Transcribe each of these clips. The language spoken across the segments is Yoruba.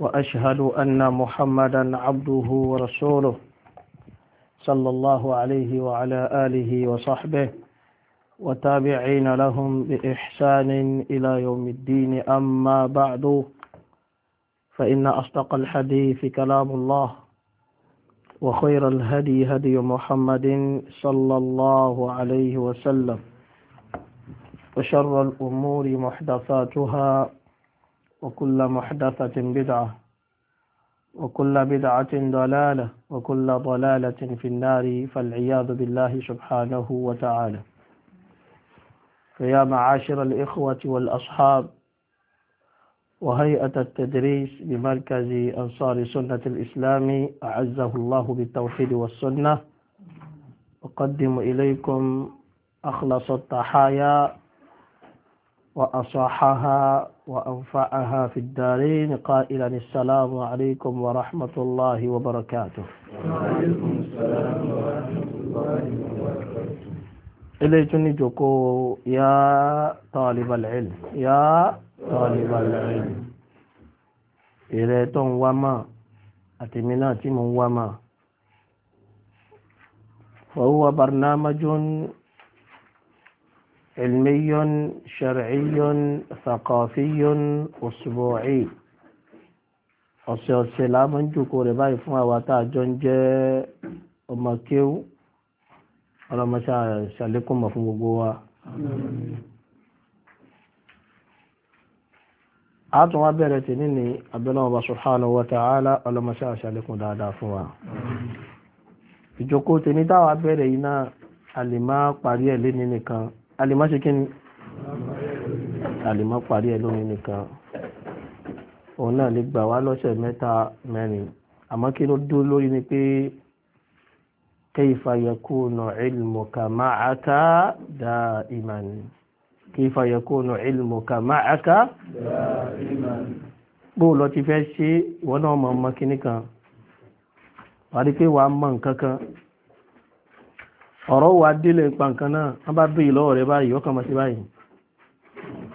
وأشهد أن محمدا عبده ورسوله صلى الله عليه وعلى آله وصحبه وتابعين لهم بإحسان إلى يوم الدين أما بعد فإن أصدق الحديث كلام الله وخير الهدي هدي محمد صلى الله عليه وسلم وشر الأمور محدثاتها وكل محدثة بدعة وكل بدعة ضلالة وكل ضلالة في النار فالعياذ بالله سبحانه وتعالى فيا معاشر الإخوة والأصحاب وهيئة التدريس بمركز أنصار سنة الإسلام أعزه الله بالتوحيد والسنة أقدم إليكم أخلص التحايا وأصحها وأنفعها في الدارين قائلا السلام عليكم ورحمة الله وبركاته وعليكم السلام ورحمة الله وبركاته إليتني جوكو يا طالب العلم يا طالب العلم إليتون وما أتمناتي من وما وهو برنامج علمي شرعي ثقافي أسبوعي ọ̀sẹ̀ ọ̀sẹ̀ la máa ń jòkó rẹ̀ báyìí fún àwa tá a jọ ń jẹ́ ọmọ kéwú ọlọ́mọṣà ṣàlékún mọ̀ fún gbogbo wa. a tún wá bẹ̀rẹ̀ tì ní ní abẹ́lẹ́ ọba subhanahu wa ta'ala ọlọ́mọṣà ṣàlékún dáadáa fún wa. ìjòkó tì ní táwa bẹ̀rẹ̀ yìí náà a lè má parí ẹ̀ lé ní nìkan àlèmọ́ ṣe kí ni àlèmọ́ parí ẹ lómi nìkan òun náà lè gbà wá lọ́sẹ̀ mẹ́ta mẹ́rin àmọ́ kí ló dúró lórí ni pé kayfa yakunu ilmuka ma'aka da'iman kayfa yakunu ilmuka ma'aka da'iman bó lọ ti fẹ́ ṣe ìwọ náà mọ̀ ọmọ kíní kan wà á rí pé wàá mọ̀ nǹkan kan. ọ̀rọ̀ wà délẹ̀ nǹkan kan náà wọ́n bá bèèrè báyìí ọkàn mọ̀ sí báyìí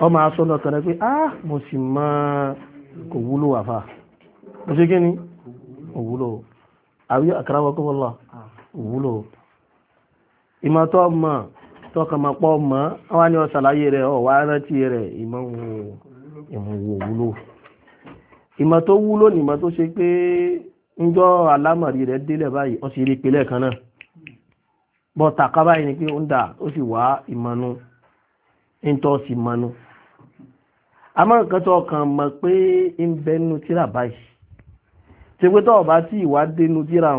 ọmọ aṣọ náà kan rẹ pé ah mo sì mọ kò wúlò mo ṣe kíni kò wúlò àbí àkàrà wọ́n kọ́kọ́ ìmọ̀tọ́ mọ̀ tọkàn mọ̀ pọ̀ mọ́ wọ́n ní ọ̀sàlàyé rẹ̀ ọ̀wá rántí rẹ̀ ìmọ̀ ọ bọ́ tàkà báyìí ni pé ó ń dà ó sì wá ìmọ̀nu ń tọ́ sí mọ̀nu àmọ́ nǹkan tó kàn mọ̀ pé ń bẹ nínú tíra báyìí ṣe pé tọ́ọ̀ bá tí ìwà dénú tíra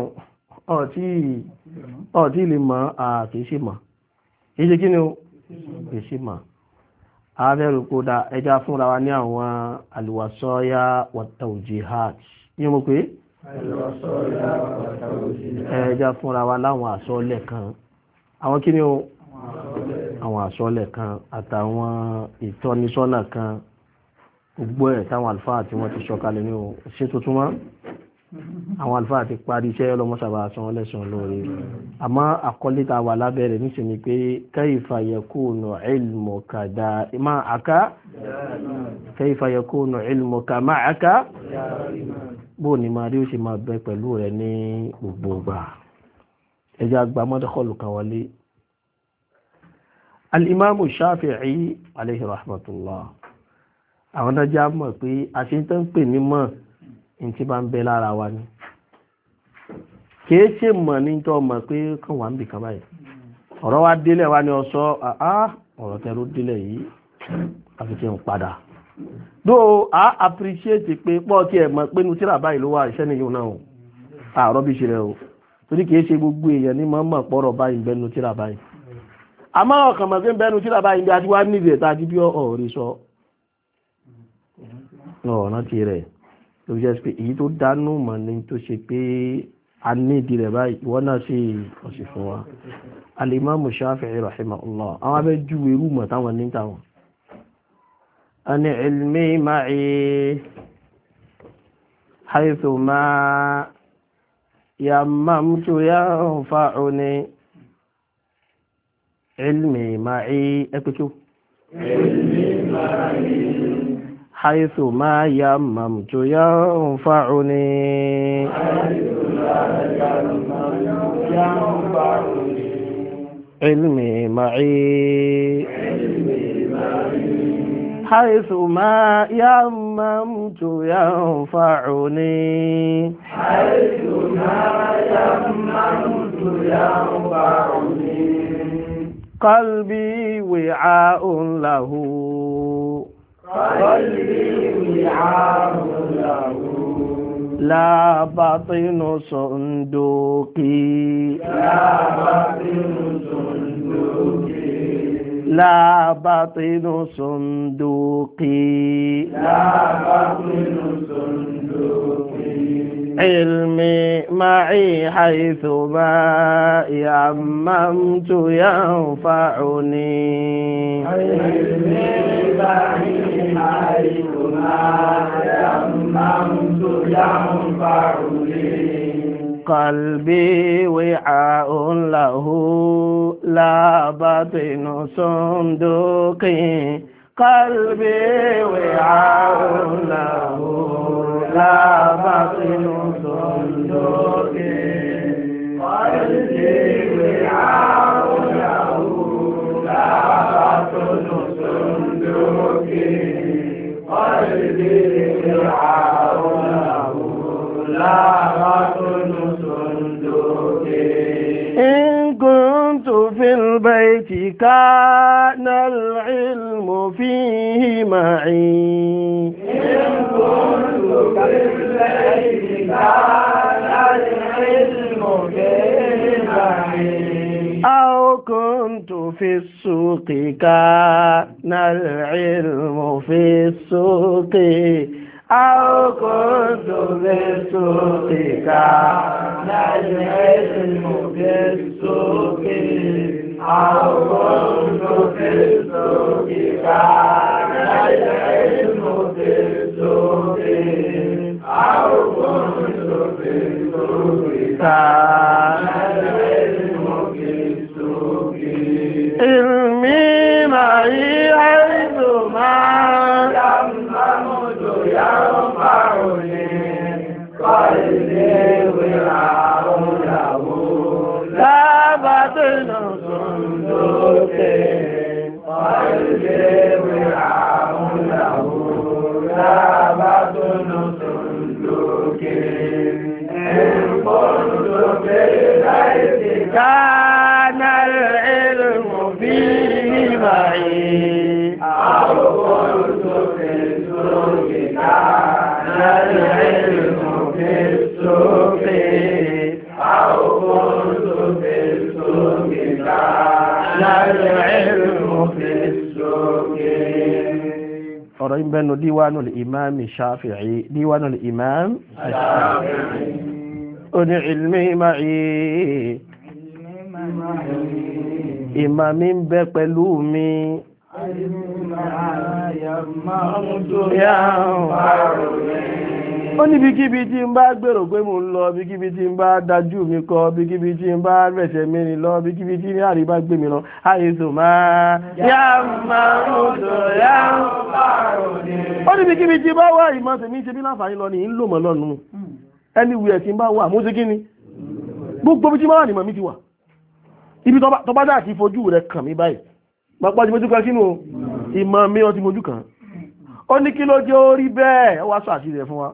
ọ̀tí lè mọ̀ àkèéṣe mọ̀ kìí kí ni ó kèéṣe mọ̀ ààrẹ́rù kó dá ẹja fúnra wa ní àwọn àlùwàsọ́yà wàtàùjì hajj ní mo pé ẹja fúnra wa láwọn àsọlẹ̀ kan àwọn kí ni o àwọn àsọlẹ̀ kan àtàwọn ìtọ́nisọ́nà kan gbogbo ẹ̀ táwọn àlùfáà tí wọ́n ti sọ̀kalẹ̀ ní o ṣe tuntun mọ́ àwọn àlùfáà ti parí iṣẹ́ ọlọ́mọṣàbà san lẹ́sàn-án lóore àmọ́ àkọlé tá a wà lábẹ́rẹ̀ níṣẹ́ ni pé kayfa yakunu ilmuka ma'aka kayfa yakunu ilmuka ma'aka bó ni màá rí ó ṣe máa bẹ pẹ̀lú rẹ ní gbogbo ìgbà ẹjẹ́ àgbà mọ́dẹ́kọ̀lù kan wọlé alimamu shafi'i alayhi rahmatullah àwọn dájá mọ̀ pé àṣetán ń pè ní mọ̀ ní ti bá ń bẹ lára wa ni kìí ṣe mọ̀ ní mọ̀ pé kàn wá ń bì kan báyìí ọ̀rọ̀ wa délẹ̀ wa ni ọ sọ ah, ah, ọ̀rọ̀ tẹ́rù délẹ̀ yìí àfi kí n padà though I appreciate pé pọ́ kí ẹ mọ̀ pé nu tíra báyìí ló wà iṣẹ́ nìyí náà o àárọ̀ bí ṣe rẹ o torí kìí ṣe gbogbo èèyàn ní mọ̀ọ́mọ̀ pọ̀rọ̀ báyìí bẹ́ẹ̀ nu tíra báyìí àmọ́ ọkàn mọ̀ pé bẹ́ẹ̀ nu tíra báyìí bí a ti wá níbi ètò àti bí ọ̀rẹ́ sọ ọ̀nà ti rẹ̀ ló fi jẹ́ pé èyí tó dánú mọ̀ ni tó ṣe pé a ní ìdí rẹ̀ báyìí ìwọ náà ṣe ọ̀sìn fún wa Al-Imam Shafi'i rahimahullah àwọn abẹ́jú irú mọ̀ táwọn ní táwọn أن علمي معي حيثما يممت ينفعني علمي معي اكتو حيث ما يممت ينفعني علمي معي حيث ما يممت ينفعني حيث ما يممت ينفعني قلبي وعاء له قلبي وعاء له لا بطن صندوقي لا بطن صندوقي لا بطن صندوقي لا بطن صندوقي علمي معي حيث ما يممت ينفعني علمي معي حيث ما يممت ينفعني قلبي وعاء له لا باطن صندوق قلبي وعاء له لا باطن صندوق قلبي وعاء له لا باطن صندوق قلبي وعاء له إن كنت في البيت كان العلم فيه معي إن كنت في البيت كان العلم فيه معي أو كنت في السوق كان العلم في السوق àókòódò rẹ̀ sókè ká láyé ẹ̀sìn mò rẹ̀ sókè àókòódò rẹ̀ sókè ká láyé ẹ̀sìn mò rẹ̀ sókè àókòódò rẹ̀ sókè ká láyé ẹ̀sìn mò rẹ̀ sókè. mẹ́nu díwánul imam shafi'i díwánul imam shafi'i ó ní ilmi ma'i ìmà mi ń bẹ pẹ̀lú mi Àìmọ̀ àyàmọ̀ ọdún yà ó ní ibikíbi tí ń bá gbèrò pé mò ń lọ ibikíbi tí ń bá dájú mi kọ ibikíbi tí ń bá rẹ̀ṣẹ̀ mi rìn lọ ibikíbi tí ní àríbá gbé mi lọ àìsàn máa. yá máa ń sọ yá ń pààrọ̀ ni. ó ní ibikíbi tí bá wà ìmọ̀ tèmi ṣe bí láǹfààní lọ ni ń lò mọ́ lọ́nu ẹni wù ẹ̀ tí ń bá wà mo ṣe kí ni gbogbo bí tí máa wà ní mi ti wà ibi tó bá dáàtí fojú rẹ̀ kàn mí báyìí pàpá ti mojú kan sínú ìmọ̀ mi ọ ti mojú kan ó ní kí ló jẹ́ ó rí bẹ́ẹ̀ ó wá sọ àṣírí rẹ̀ fún wa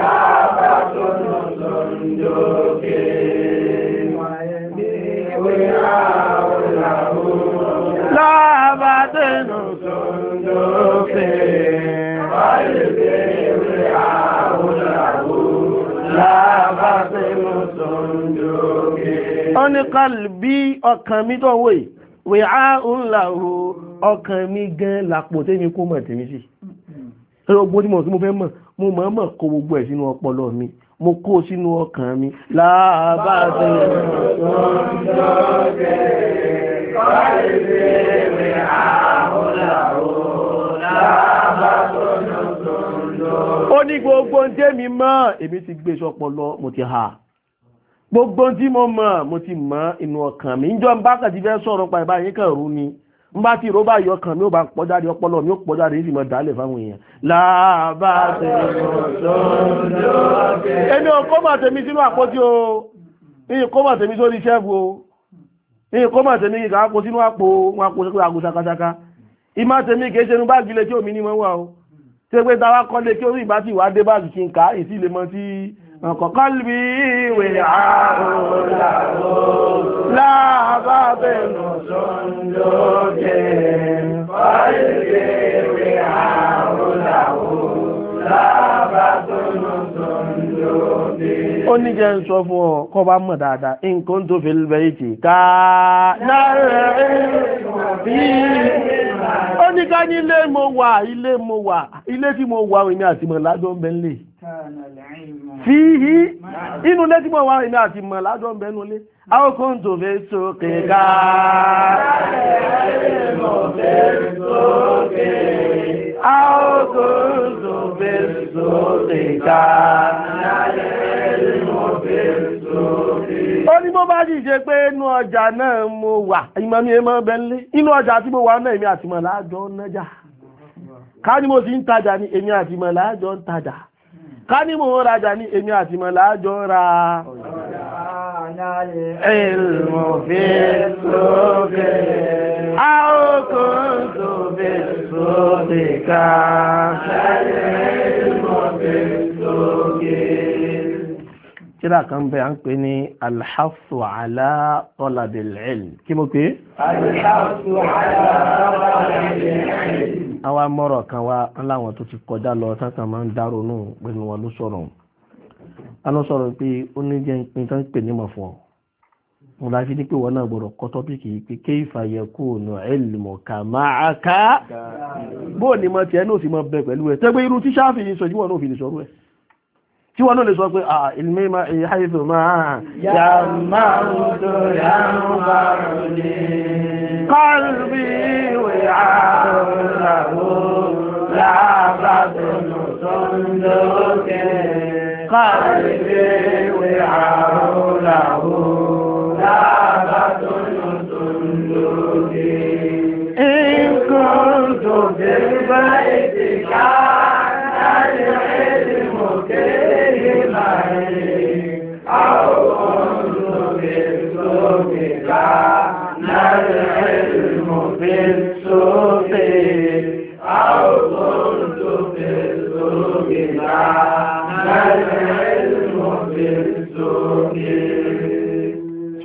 wọ́n ní kálbí ọkàn mi tó wòye wèé á ń là ó ọkàn mi gan làpò tèmi kó mọ̀ tèmi sí gbogbo tí mo sì mo fẹ́ mọ̀ mo mọ̀ mọ̀ kó gbogbo ẹ̀ sínú ọpọlọ mi mo kó sínú ọkàn mi láàbàdé ó ní gbogbo tèmi mọ̀ èmi ti gbé sọpọlọ mo ti ha gbogbo tí mo mọ̀ mo ti mọ̀ inú ọkàn mi njọ́ bá kàn ti fẹ́ sọ̀rọ̀ pa ìbá yín kàn rú ni n bá ti rọ́ báyìí ọkàn mi ò bá pọ́ jáde ọpọlọ mi ò pọ́ jáde yìí sì mọ̀ dálẹ̀ fáwọn èèyàn. làbá tẹ̀lé ọ̀dọ́ èmi ò kó mà tèmi sínú àpótí o èmi kó mà tèmi sórí ṣẹ́ẹ̀fù o èmi kó mà tèmi kà á kó sínú àpò wọn àpò sẹ́kọ̀ọ́ àgùn ṣakaṣaka ìmá tèmi kì í ṣe inú báàgì lè tí òmìnir mọ́ wà o ṣé pé táwa kọ́lé kí orí ìbá ti wà dé báàgì kí n kà á ìsì lè mọ tí ọ̀kọ̀kọ́lùbí ìwé àrùn láàbàbẹ̀nù sọ́ndọ́gẹ̀ fàílẹ̀ ìwé àrùn láàrùn ó ní jẹ́ ń sọ fún ọ kọ́ bá mọ̀ dáadáa nǹkan tó fi lè ti ká ó ní ká ní ilé mo wà ilé mo wà ilé tí mo wà èmi àti mọ̀ lájọ́ ń bẹ nílé fi hí inú ilé tí mo wà èmi àti mọ̀ lájọ́ ń bẹ àwọn kan aogo nzube zòdìgá. ó ní bó bá sì ṣe pé inú ọjà náà mo wà ìmọ̀ mi mọ́ ọjà tí mo wà náà èmi àti mọ̀lá jọ ń nájà ká ní mo sì ń tajà ní èmi àti mọ̀lá jọ ń tajà ká ní mo ń rajà èmi àti mọ̀lá jọ كان في الصوف أو كنت في الصوف tíra kan bẹ à ń pè ní alḥasu ala tọ́làbìl ilm kí mo pé. alḥasu ala tọ́làbìl ilm. àwa mọ̀rọ̀ kan wa aláwọn tó ti kọjá lọ sákà ń dárò nù pé wọn ló sọ̀rọ̀ aná sọ̀rọ̀ pé ó ní jẹ́ ìpín tán pè ní mọ̀fọ́ mo la fi ní pé wọn náà gbọ́dọ̀ kọ́ tọ́pìkì yìí pé ké ìfàyẹ̀kù ọ̀nà ẹlùmọ̀ kà máa ká bóò ni mo tiẹ̀ náà sì mọ bẹ pẹ̀lú ẹ̀ tẹ́gbẹ́ irú tí sáfì yìí sọ ìwọ náà fi lè sọ̀rọ̀ ẹ̀ tí wọ́n náà lè sọ pé à ah, ilmi ma ìhàìfò máa yà máa ń tó yà ń bá rúlé kọ́lùbí ìwé àrùn làwọn làbàbọ̀nù tó ń lókè káàrí lé wé àrùn làwọn lábàtò tuntun lóde. nǹkan tó bẹ̀rù bá ètè ká láti ẹ̀dì mọ̀kẹ́ ìlà àwọn ọ̀rọ̀ bẹ̀rù lóde ká láti ẹ̀dì mọ̀kẹ́ ìlà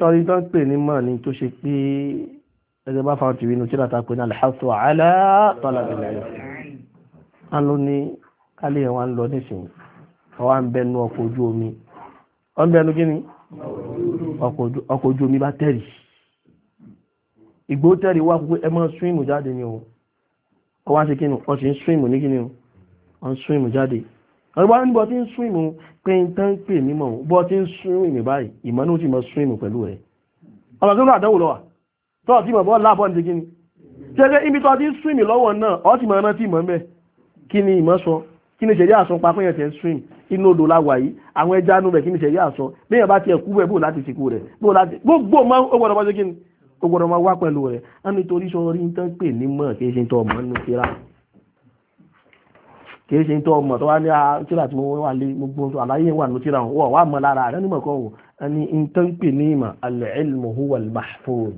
sọ́rí tó ń pè ní mọ̀ ní tó ṣe pé ẹgbẹ́ bá fáwọn tìrínú tí láta pé ní alhassu alátọ́lá ìlẹ̀ a ló ní kálí ẹ̀wà ń lọ nísìnyí ọwá ń bẹnu ọkọ̀ ojú omi ọ ń bẹnu ìgbó tẹ̀rì wá ọ̀rọ̀bá ní bọ́ tí ń sún ìmú pé ń tán pè mímọ̀ bọ́ tí ń sún ìmú báyìí ìmọ̀nú ti mọ̀ sún ìmú pẹ̀lú rẹ̀ ọmọ àdánwò lọ́wà tọ́ ti mọ̀ bọ́ láàbọ̀ ní kíni ṣẹ́gẹ́ ibi tọ́ ti ń sún ìmú lọ́wọ́ náà ọ́ ti mọ̀ mẹ́ kí ni ìmọ̀ sọ kí ni ṣẹ̀rí àsọ pa péyàn tẹ̀ ń sún inú odò láwà yìí àwọn ẹja nú rẹ̀ kí ni ṣẹ̀rí àsọ béèyàn bá tiẹ̀ kú bẹ́ẹ̀ bó láti sìnkú rẹ̀ bó láti gbogbo máa ó gbọ́dọ̀ máa kí ni ó gbọ́dọ̀ máa wá pẹ̀lú rẹ̀ á nítorí sọ orí ń tán pè ní mọ̀ kí ṣe tọ́ ọmọ nínú kíra kìí ṣe tó ọmọ tó wá ní ah, tíra tí mo wà lé gbogbo àlàyé wà ní tíra wọn wà mọ lára rẹ nígbà kan wò ẹni n tó ń pè ní ìmọ̀ al-ilmu huwa al-mahfuz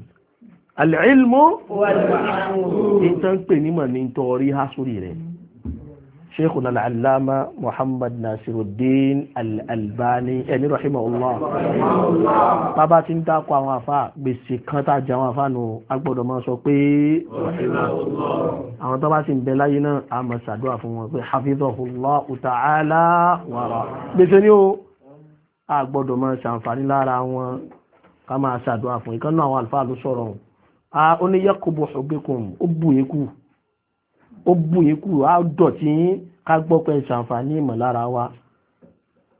al n tó ń pè ní ìmọ̀ ní torí hásùrì rẹ̀. شيخنا العلامة محمد ناصر الدين الألباني يعني رحمه الله بابا تنتا قوا وافا بيسي كان تا جا وافا نو اgbọ́dọ̀ máa sọ pé àwọn tó bá sì ń bẹ láyé náà a máa ṣàdúrà fún wọn pé hafizahullahu ta'ala wàrà gbèsè ni ó a gbọ́dọ̀ máa ṣàǹfààní lára wọn ká máa ṣàdúrà fún ìkànnà àwọn àlùfáà ló sọ̀rọ̀ ó ní yakubu hubikum ó bù yín kù ó bù yín kúrò á dọ̀tí yín ká gbọ́ pé ṣàǹfààní ìmọ̀lára wa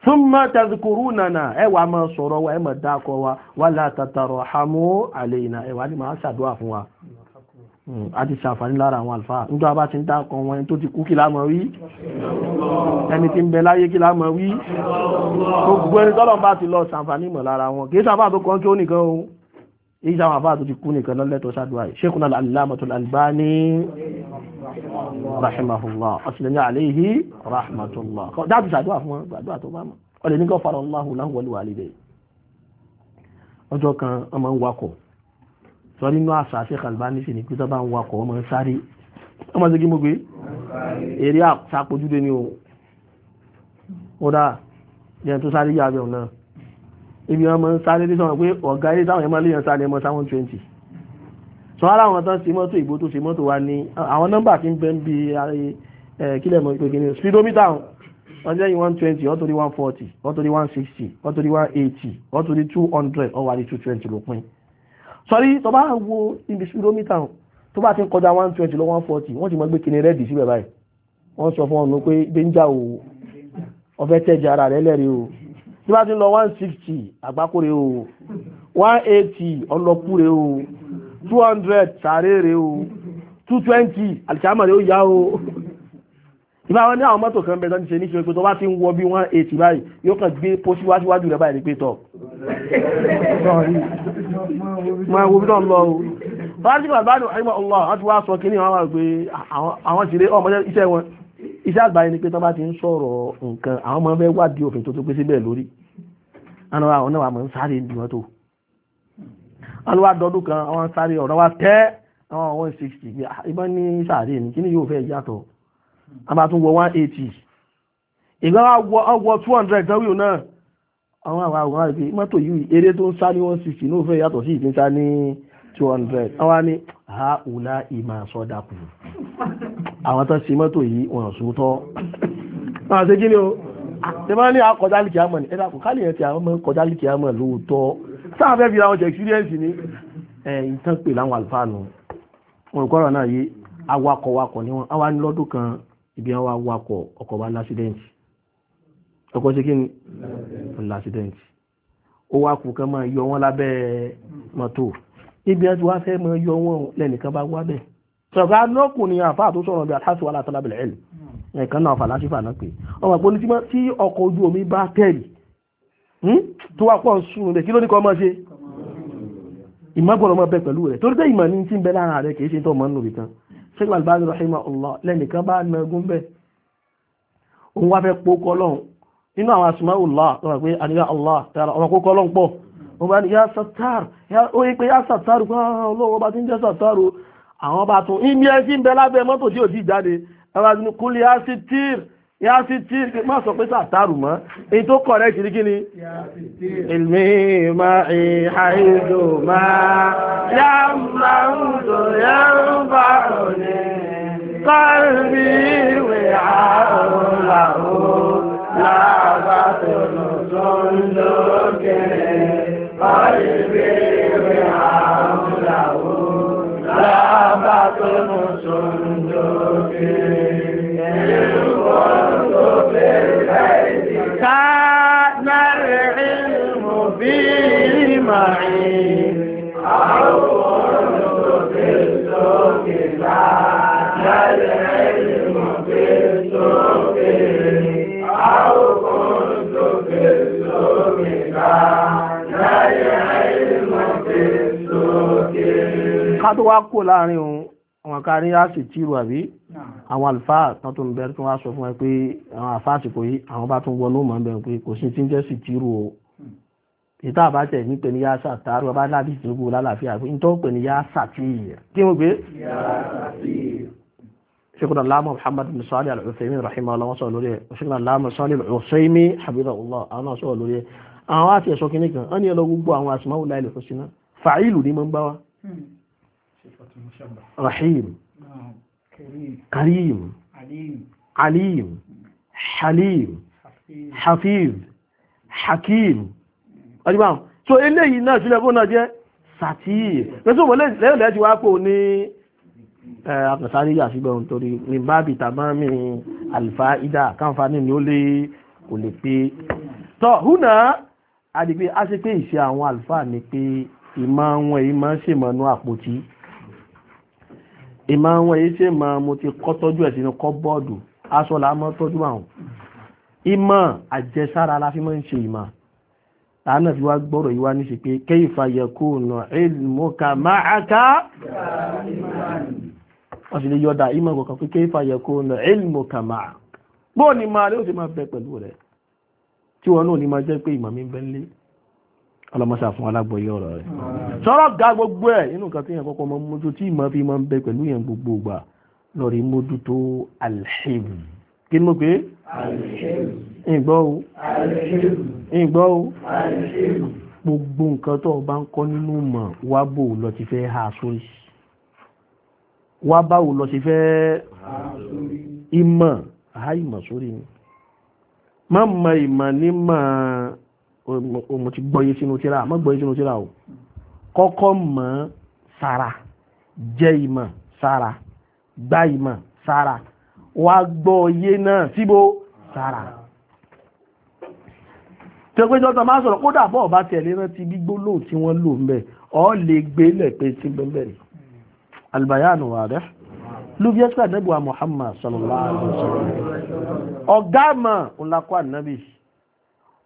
súnmọ́ tàzùkúrú nànà ẹ wàá máa sọ̀rọ̀ wa ẹ máa dákọ̀ wa wala tatarhamu alaina ẹ wàá ní máa ṣàdúrà fún wa hmm, a ti ṣàǹfààní lára àwọn àlùfáà níjọ́ abá ti ń dákọ̀ wọn tó ti kú kí lámọ̀ wí ẹni tí ń bẹ láyé kí lámọ̀ wí gbogbo ẹni tọ́lọ́ bá ti lọ ṣàǹfààní ìmọ̀lára wọn kì í sábà tó kọ́ nìkan o ìjà àwọn àbá àtúntí kú nìkan lọ́lẹ́tọ̀ sáàdùwà yìí Sheikhuna al-Allamatul Albani rahimahullah ọ̀sìlẹ̀ ní àléhì rahmatullah dáàbì sàdùwà fún wọn gbàdùwà tó bá mọ̀ ọ̀lẹ̀ ní gọ́fàrọ̀ Allahu lahu wa liwalidayhi ọjọ́ kan ọmọ ń wakọ̀ sọ nínú àṣà Sheikh Albani sì ní pé tọ́ba ń wakọ̀ ọmọ ń sáré ọmọ sí kí mo gbé eré àṣàpọ̀júdé ni ó dá jẹ́ tó sáré yá náà ibi wọn mọ ń sáré dé sọ̀rọ̀ pé ọ̀gá ilé táwọn ẹ̀mọ́ léèyàn sáré mọ́ sáwọn twenty sọ ara àwọn tán ṣe mọ́tò ìgbó tó ṣe mọ́tò wa ni àwọn nọ́mbà ti ń bẹ́ ń bi kílẹ̀ mọ́ ìpè kìnìún speedometer wọ́n jẹ́ yìí one twenty wọ́n torí one forty wọ́n torí one sixty wọ́n torí one eighty wọ́n torí two hundred wọ́n ní two twenty ló pin sọrí tó bá wo ibi speedometer tó bá ti ń kọjá one twenty lọ one forty wọ́n ti mọ gbé kìnìún rẹ́ẹ̀dì síbẹ̀ báyìí wọ́n sọ fún ọ̀nà pé danger o tí bá ti lọ one sixty àgbákòrè o one eighty ọlọkùrè o two hundred sàrèrè o two twenty àlìkámàrè ó yá o ìbáwọn ní àwọn mọ́tò kan bẹ̀rẹ̀ tó ń ṣe ní ṣe pé tó bá ti ń wọ bí one eighty báyìí yóò kàn gbé pósí wá síwájú rẹ̀ báyìí ní pé tọ̀ máa wo bí náà lọ o bá ti bàbá ní ọmọ ọlọ́ọ̀ wọ́n ti wá sọ kí ní àwọn àgbẹ̀ àwọn ṣeré ọmọdé iṣẹ́ wọn iṣẹ́ àgbáyé ni pé tó bá ti ń sọ̀rọ̀ nǹkan àwọn ọmọ fẹ́ wádìí òfin tó tó pé síbẹ̀ lórí àwọn náà wà mọ̀ ń sáré ní mọ́tò alúwádọ́dún kan àwọn sáré ọ̀rọ̀ wa tẹ́ àwọn 160 gbé ìbọn ní sáré ní kí ni yóò fẹ́ yàtọ̀ a máa tún wọ 180 ìgbà wọ 200 tánwíò náà àwọn àwọn àwọn àgbé mọ́tò yìí eré tó ń sá ní 160 náà fẹ́ yàtọ̀ sí ìpín ní 200 àwọn ni ha ùlá ìmà sọ́dà kù àwọn tó ṣe mọ́tò yìí wọ́n sóòótọ́ náà ṣe kí ni o ṣe máa ní akọjá lìkì àmọ̀ ní ẹ̀dá kò ká nìyẹn ti àwọn ọmọ kọjá lìkì àmọ̀ lóòótọ́ sáà fẹ́ fi àwọn ṣe experience ni ẹ̀yìn tán pè láwọn àlùfáà nù wọn kọ́rọ̀ náà yé awakọ̀wakọ̀ ni wọn á wá ní lọ́dún kan ibi àwọn awakọ̀ ọkọ̀ wa lásídẹ́ǹtì ọkọ̀ ṣe kí ni ó wá kù kan máa yọ wọn lábẹ́ mọ́tò níbi àti wá fẹ́ máa yọ wọn lẹ́nìkan bá wá bẹ́ẹ̀ sọ̀gá lọ́kùn ni àfáà tó sọ̀rọ̀ bí àtàṣù wà látàlábìlẹ̀ ẹ̀lì ẹ̀kan náà fàlásífà náà pé ọmọ ìpò ní tí ọkọ̀ ojú omi bá tẹ̀lì hmm? tó wà pọ̀ sùn rẹ̀ kí ló ní kọ́ mọ́ ṣe ìmọ̀gbọ̀rọ̀ mọ́ bẹ pẹ̀lú rẹ̀ torí pé ìmọ̀ ní tí ń bẹ lára rẹ̀ kìí ṣe tó mọ́ nù nìkan ṣégbà Albani rahimahullah lẹ́nìkan bá na ogún bẹ́ẹ̀ òun wá fẹ́ pókọ́ lọ́hùn nínú àwọn asmaullah tó wà pé àníyá Allah tààrà ọmọ kókọ́ lọ́hùn pọ̀ òun bá ní yá sàtàrù ó yẹ pé yá sàtàrù pé ọlọ́wọ́ bá ti ń jẹ́ sàtàrù àwọn bá tún ibi ẹsí ń bẹ lábẹ́ mọ́tò tí ò tí jáde ẹwà tún kúlẹ̀ yá sí tíìr yá sí tíìr má sọ pé sàtàrù mọ́ èyí tó kọ̀ rẹ̀ kiri kíni. ìlmi ma ìhàìdò ma yá máa ń tò yá ń bá òní kọ́lbí ìwé àrùn làwọn lábàtò lọ́dún lókè kọ́lbí ìwé àrùn sábàtúnú sòǹdókè. Ẹ̀rù wọn tó bẹ̀rẹ̀ láìsí. Ká náírà ìlú bí màrí. Àwọn ọ̀rọ̀ tó bẹ̀rẹ̀ sókè láàárín. Àwọn ká tó wá kó láàrin òun àwọn kárí àṣì tìrù àbí àwọn àlùfáà tán tó ń bẹ̀rẹ̀ tó wá sọ fún ẹ pé àwọn àfáàsìkò yìí àwọn bá tún wọnú mọ̀ bẹ̀rẹ̀ pé kò sí ti ń jẹ́ sì tìrù o ìta hmm. àbájẹ ní pè ní yá sàtàrù ọba láti ìṣòro lálàáfíà fún ìtọ́ pè yá sàtìr kí wọ́n gbé Muhammad bin Salih al-Uthaymin rahimahullah sọ lórí ẹ̀ Salih al-Uthaymin habibullah àwọn sọ lórí ẹ̀ àwọn àti ẹ̀ṣọ́ kìnnìkan wọ́n ní ẹlọ gbogbo àwọn asmaul husna rahim karim alim halim hafiz hakim ọdíbà so eléyìí náà sílẹ̀ bó náà jẹ́ sàtíì lọ́sọ̀ wọlé lẹ́yìn lẹ́yìn tí wàá pò ní àtàsárí àṣìgbà ohun torí ní báàbì tàbámi alfaida káǹfààní ni ó lè kò lè pé tọ́ húnà àdìgbé a ṣe pé ìṣe àwọn àlùfáà ni pé ìmọ̀ àwọn ìmọ̀ ṣèmọ̀nú àpótí ìmọ̀ àwọn èyí tí mọ̀ mo ti kọ́ tọ́jú ẹ̀ sínú kọ́bọ́ọ̀dù aṣọ là tọ́jú àwọn ìmọ̀ àjẹsára la fi máa ń ṣe ìmọ̀ àánà fi wá gbọ́rọ̀ yìí ní ṣe pé kayfa yakunu ilmuka ma'aka wọ́n sì lè yọ̀dà ìmọ̀ kọ̀ọ̀kan pé kayfa yakunu ilmuka ma'aka bóò ni máa lé ó sì máa bẹ pẹ̀lú rẹ̀ tí wọn náà máa ọlọ́mọṣà fún alágbọ̀yé ọ̀rọ̀ rẹ̀ sọ̀rọ̀ ga gbogbo ẹ̀ inú nǹkan tó yẹn kọ́kọ́ mọ mójú tí ìmọ̀ fi máa ń bẹ pẹ̀lú yẹn gbogbo gbà lọ́rí mójú tó alhìm kí ni mo pé ìgbọ́ o ìgbọ́ o gbogbo nǹkan tó o bá ń kọ́ nínú mọ̀ wá bò lọ ti fẹ́ ha sórí wá bá wò lọ ti fẹ́ ìmọ̀ àhá ìmọ̀ sórí ni má mọ ìmọ̀ ní mọ̀ mo ti gbọ́yé sínú tíra mọ́ gbọ́yé sínú tíra o kọ́kọ́ mọ̀ sára jẹ́ ìmọ̀ sára gbá ìmọ̀ sára wá gbọ́yé náà síbo sára tí ó pé jọ́ta máa sọ̀rọ̀ kódà bọ́ọ̀ bá tẹ̀lé rántí gbígbó lò tí wọ́n lò ń bẹ̀ ọ́ lè gbé lẹ̀pẹ́ tí bẹ́ẹ̀ ni albayanu wa rẹ̀ ló fi ẹ́sùn àdẹ́bùwà Muhammad sallallahu alaihi wasallam ọ̀gá mọ̀ ńlá kó ànábì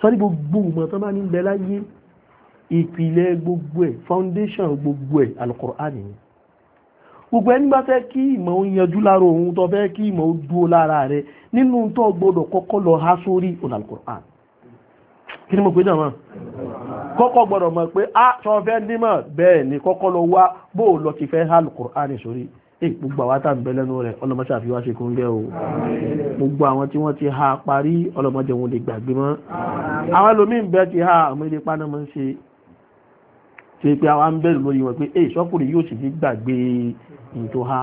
sọ́rí gbogbo ìmọ̀ tó bá ní bẹ láyé ìpìlẹ̀ gbogbo ẹ̀ foundation gbogbo ẹ̀ alukur'ani ni gbogbo ẹni bá fẹ́ kí ìmọ̀ ó yanjú lára òun tó fẹ́ kí ìmọ̀ ó dúó lára rẹ̀ nínú tó gbọdọ̀ kọ́kọ́ lọ há sórí ọ̀nà alukur'ani kí ni mo pè é jàmọ́ kọ́kọ́ gbọdọ̀ mọ̀ pé a ah, sọ fẹ́ nímọ̀ bẹ́ẹ̀ ni kọ́kọ́ lọ wá bó o lọ ti fẹ́ há alukur'ani sórí gbogbo àwọn tá à ń bẹ lẹ́nu rẹ̀ ọlọ́mọṣe àfihàn ṣe kún gẹ́ o gbogbo àwọn tí wọ́n ti ha parí ọlọ́mọdé wọn lè gbàgbé mọ́ àwọn ẹlòmíín bẹ́ẹ̀ ti ha àwọn ilé paná mọ́ ń ṣe ṣe pé àwọn ń bẹ̀rù lórí wọn pé èyí sọ́kùnrin yóò sì fi gbàgbé ìyìn tó ha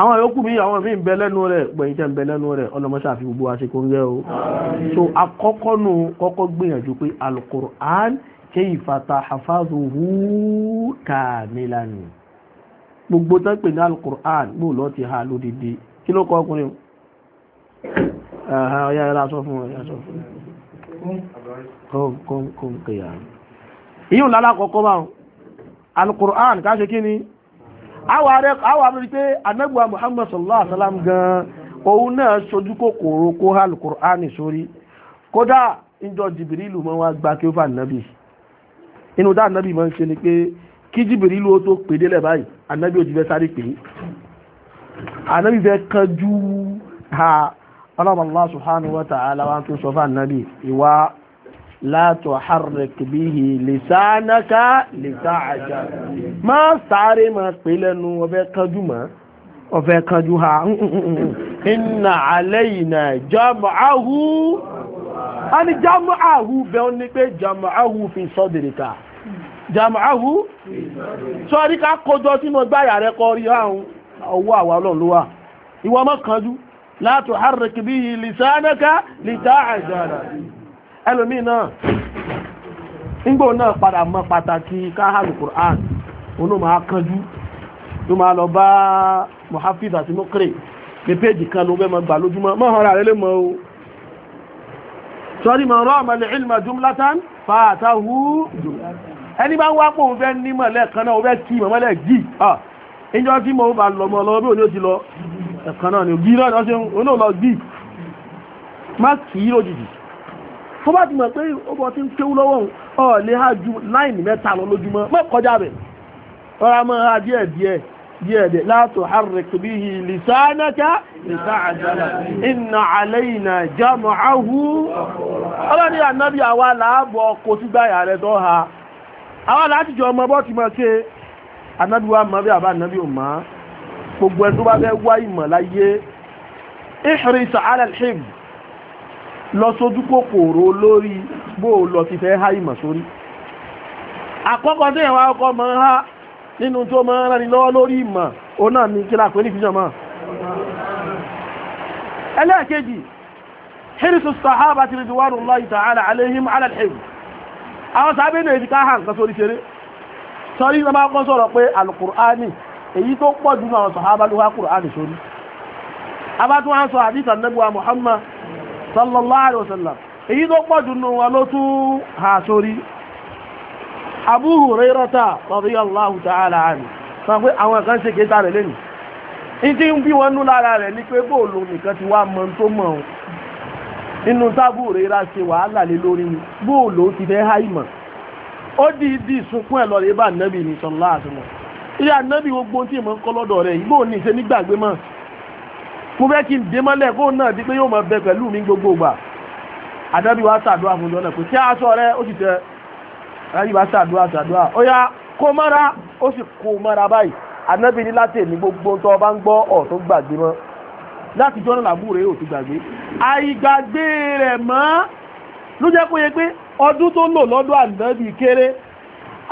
àwọn yòókù mi àwọn míì ń bẹ lẹ́nu rẹ̀ gbẹ̀yìn tẹ́ ń bẹ lẹ́nu rẹ̀ ọlọ́mọṣe àfihàn gbogbo wa ṣe kún gẹ́ o so àkọ́kọ́ nù kọ́kọ́ gbìyànjú pé alukur'an kayfa tahfazuhu kamilan gbogbo tán pè ní alukur'an gbò lọ ti ha lódìdí kí ló kọ ọkùnrin ọ̀yá ẹ̀rọ aṣọ fún ọ̀yá aṣọ fún kọ́nkọ́nkọ́nkọ́yà ìyún lára kọ̀ọ̀kọ́ bá wọn alukur'an káṣe kí ni àwọn àmì pé anágbà muhammad sallallahu alaihi wasallam gan òun náà sojú kòkòrò kó alukur'an sórí kódà ìjọ jìbìrìlù mọ́ wá gbá kí ó fà nábì inú dá nábì mọ́ ń ṣe ni pé kí jìbìrì ìlú ó tó pè délẹ̀ báyìí anábì ò ti fẹ́ sáré pè é anábì fẹ́ kanjú ha Allah subhanahu wa ta'ala wa tún sọ fún anábì ìwà la tuharrik bihi lisanaka lita'jal má sáré máa pè lẹ́nu ọ̀fẹ́ kanjú mọ́ ọ̀fẹ́ kanjú ha inna alayna jam'ahu ani jam'ahu bẹ́ẹ̀ ni pé jam'ahu fi sadrika jama'ahu sọ́rí ká kójọ tí mo gbáyà rẹ kọ rí àwọn ọwọ́ àwà ọlọ́run ló wà ìwọ má kánjú la tuharrik bihi lisanaka lita'jala ẹlòmí náà ńgbò náà padà mọ pàtàkì káhàlù Qur'an onú máa kánjú tó máa lọ bá muhafiz àti mọ́kẹ́rẹ́ pé péjì kan ló fẹ́ mọ gbà lójúmọ́ mọ́ rẹ lè mọ́ o sọ́rí man rama al-ilma jumlatan fatahu jumlatan ẹni bá ń wá pòun fẹ́ nímọ̀ lẹ́ẹ̀kan náà ó fẹ́ kí mọ̀mọ́ lẹ́ẹ̀ ìjọ tí mo bá lọ mọ́ lọ bí òní ó ti lọ ẹ̀kan náà ni ògì náà ṣe òun lọ gì má kì í lójijì tó bá ti mọ̀ pé ó bọ́ ń kéwú lọ́wọ́ ọ̀ lè ha ju láìní mẹ́ta lọ lójúmọ́ mọ́ kọjá bẹ̀ ha díẹ̀ díẹ̀ díẹ̀ díẹ̀ la tuharrik bihi lisanaka lita'jala inna alayna jam'ahu ọlọ́ni ànábì àwa làábọ̀ kò sígbà yàrá tó ha àwọn láti jọ ọmọ bọ́ ti ṣe anábíwá mọ̀ bí àbá anábí ò gbogbo ẹni tó bá fẹ́ wá ìmọ̀ láyé ìṣirísà alẹ́lẹ́hìm lọ sójú kòkòrò lórí bó lọ ti fẹ́ há ìmọ̀ sórí àkọ́kọ́ tí ẹ̀wà ọkọ̀ mọ̀ há nínú tó mọ̀ lọ́wọ́ lórí ìmọ̀ náà kí lápẹ́ ẹlẹ́ẹ̀kejì sàhábà ti rí àwọn sàábé náà èdè káhà nǹkan sórí ṣeré sọrí ní ọmọ kan sọ̀rọ̀ pé alukur'ani èyí tó pọ̀ jù àwọn sàhábà ló wá kur'ani sórí abátún wọn sọ àdìsàn nẹ́gbà Muhammad sallallahu alaihi wasallam èyí tó pọ̀ jù wọn ló tún hà sórí Abu Hurairata radiyallahu ta'ala anhu sọ pé àwọn kan ṣe kéta rẹ̀ lẹ́nu ìdí ń bí wọn nú lára rẹ̀ ní pé bóòlù nìkan ti wá mọ́ tó inú tábù rẹ̀ ra ṣe wàhálà lé lórí ni ti fẹ́ ha ìmọ̀ ó di ìdí sunkún ẹ̀ lọ́rẹ̀ bá nẹ́bì ní sọ̀lá àtúmọ̀ ìyá nẹ́bì gbogbo tí ìmọ̀ ń kọ́ lọ́dọ̀ rẹ̀ yìí bóò ní ṣe nígbàgbé mọ́ mo fẹ́ kí n dé mọ́lẹ̀ kó náà di mi gbogbo ìgbà àdẹ́bí wa ṣàdúrà fún lọ́nà pé tí aṣọ rẹ ó sì tẹ wa ó yá kó ó sì kó báyìí ní látẹ̀ ní gbogbo tó bá láti jọ́nà làbúrò yóò ti gbàgbé àìgbàgbé rẹ̀ mọ́ ló jẹ́ kó yẹ pé ọdún tó lò lọ́dọ̀ ànábì kéré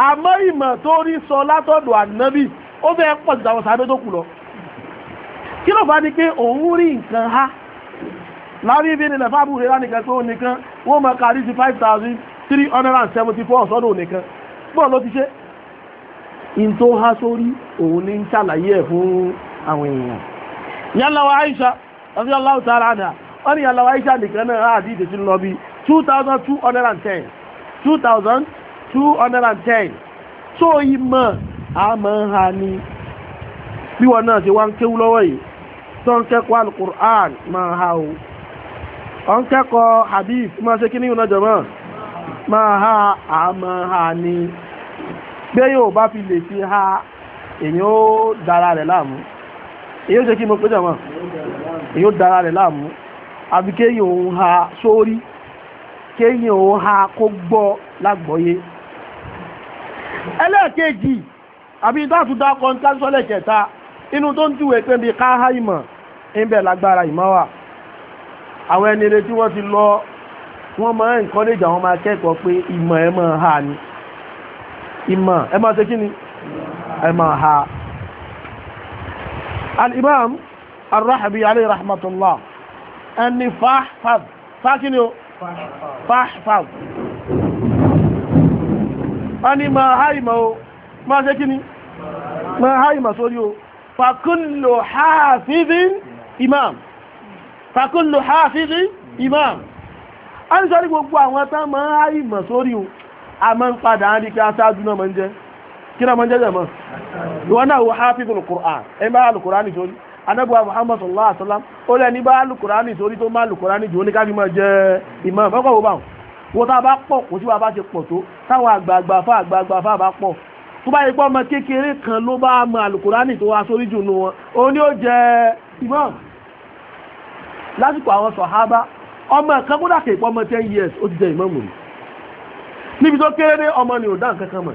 àmọ́ ìmọ̀ tó rí sọ látọ̀dọ̀ ànábì ó fẹ́ pọ̀ sí àwọn sàbẹ́ tó kù lọ kí ló bá ní pé òun rí nǹkan ha láàrin ibi nílẹ̀ fábùrè lánìkan tó nìkan wọ́n mọ̀ kárí sí five thousand three hundred and seventy four sọ́dọ̀ nìkan bọ́ọ̀ ló ti ṣe in tó há sórí òun ní ń ṣàlàyé ẹ̀ fún àwọn èèyàn yàlàwà Aisha rabi allahu ta'ala anha wọ́n ni Aisha nìkan náà rà àdí ìdèsí lọ bí 2210 2210 tó ìmọ̀ àmọ́ ha ni bí wọn náà ti wá ń kéwú lọ́wọ́ yìí tó ń kẹ́kọ̀ọ́ ha o ọ ń kẹ́kọ̀ọ́ hadith máa kini kí jama. ìrìnàjò náà máa ha àmọ́ ha ni gbé yóò bá fi lè fi ha èyí ó dára rẹ̀ láàmú èyí ṣe kí mo pẹ́jọ mọ́ èyí ó dára rẹ̀ láàmú àbí kéyìn òun ha sórí kéyìn òun ha kó gbọ́ lágbọ́yé ẹlẹ́ẹ̀kejì àbí ìdátúdá kọ́ńtàṣọ́lẹ̀ inú tó ń júwèé pé bí káhá ìmọ̀ ń lágbára àwọn ẹni rẹ̀ ti lọ wọ́n máa ń máa kẹ́kọ̀ọ́ pé ìmọ̀ máa ha al-imam ar-rahbi alayhi rahmatullah ẹni fahfaz fákíní o fahfaz ẹni ma haima o ma ṣe kíní ma haima sórí o fakullu hafizin imam fakullu hafizin imam a ń sọ ní gbogbo àwọn tán ma haima sórí o a ma ń padà ní kí a sáájú náà ma ń jẹ́ kí náà mọ́ jẹ́ jẹ́ mọ́ ìwọ́n náà wọ́n hafizul Qur'an ẹni bá alukurani sórí anábíwá Muhammad sallallahu alaihi wasallam ó lẹ́ ní bá alukurani sórí tó má alukurani jù oníkàbí mọ́ jẹ́ imam ọkọ̀ wo báwọn wọ́n tá a bá pọ̀ kò sí wa bá ṣe pọ̀ tó táwọn àgbààgbà fà àgbààgbà fà bá pọ̀ tó bá yẹ pé ọmọ kékeré kan ló bá mọ alukurani tó wá sórí jù nù wọn òun ni ó jẹ́ imam lásìkò àwọn sọ̀hábà ọmọ kan kó dàkẹ́ ìpọ́ ọmọ ten years ó ti jẹ́ imam mọ̀ níbi tó kéré dé ọmọ ni ò dá nǹkan kan mọ̀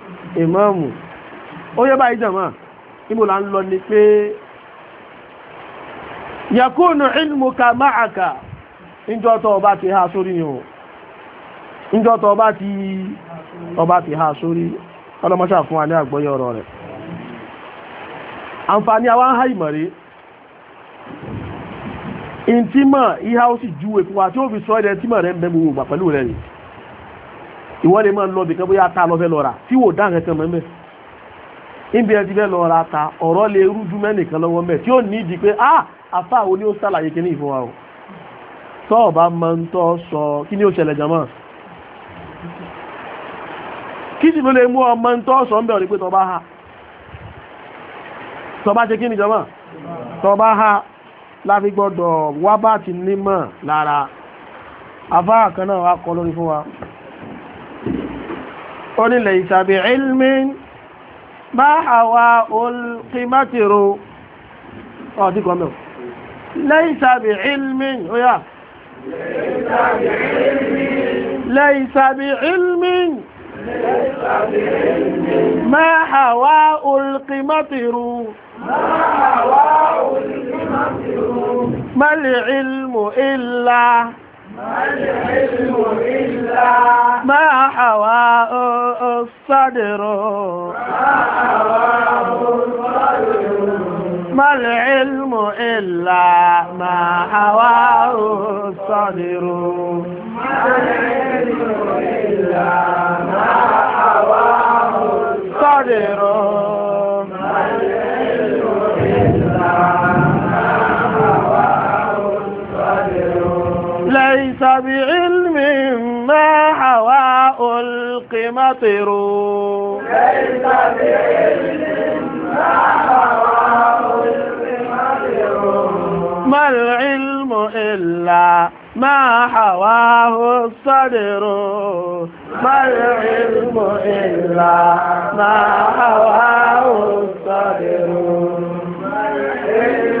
ìmáàmù ó yẹ báyìí jàmá níbo là ń lọ ni pé yakunu ilmuka ma'aka níjọ́ tó ọba ti ha sórí ni ọba ti ọba ti ha fún wa ní ọrọ ọ̀rọ̀ rẹ̀ àǹfààní àwọn ha ìmọ̀rí ìntímọ̀ ìhà ó sì júwe fún wa tí ó fi sọ tímọ̀ rẹ̀ ìwọ́n lè máa lọ bìkan bóyá ata lọ fẹ́ lọ rà tí wò dá nǹkan kan mọ́ mẹ́ níbi ẹ ti fẹ́ lọ ta ọ̀rọ̀ lè rújú mẹ́nìkan lọ́wọ́ mẹ́ tí ó ní ìdí pé ah afá wo ni ó sàlàyé kí ní ìfún wa o tọ́ ọ̀bá máa ń tọ́ sọ kí ni ó ṣẹlẹ̀ jàmọ́ kí sì ló lè mú ọmọ ń tọ́ sọ ń bẹ̀rù pé tọba ha tọba ṣe kí ni jàmọ́ tọba ha la gbọ́dọ̀ wá bá ti nímọ̀ lára afá kan náà wá kọ lórí fún wa. قل ليس بعلم بحواء القمتر أعطيك أمر ليس بعلم ويا ليس بعلم ليس بعلم ما حواء القمتر ما حواء القمتر ما العلم إلا ما حواء الصدر ما العلم إلا ما حواء الصدر ما العلم إلا ما حواء الصدر بعلم ما حواء القمطر ليس بعلم ما حواء ما العلم إلا ما حواه الصدر ما العلم إلا ما حواه الصدر ما العلم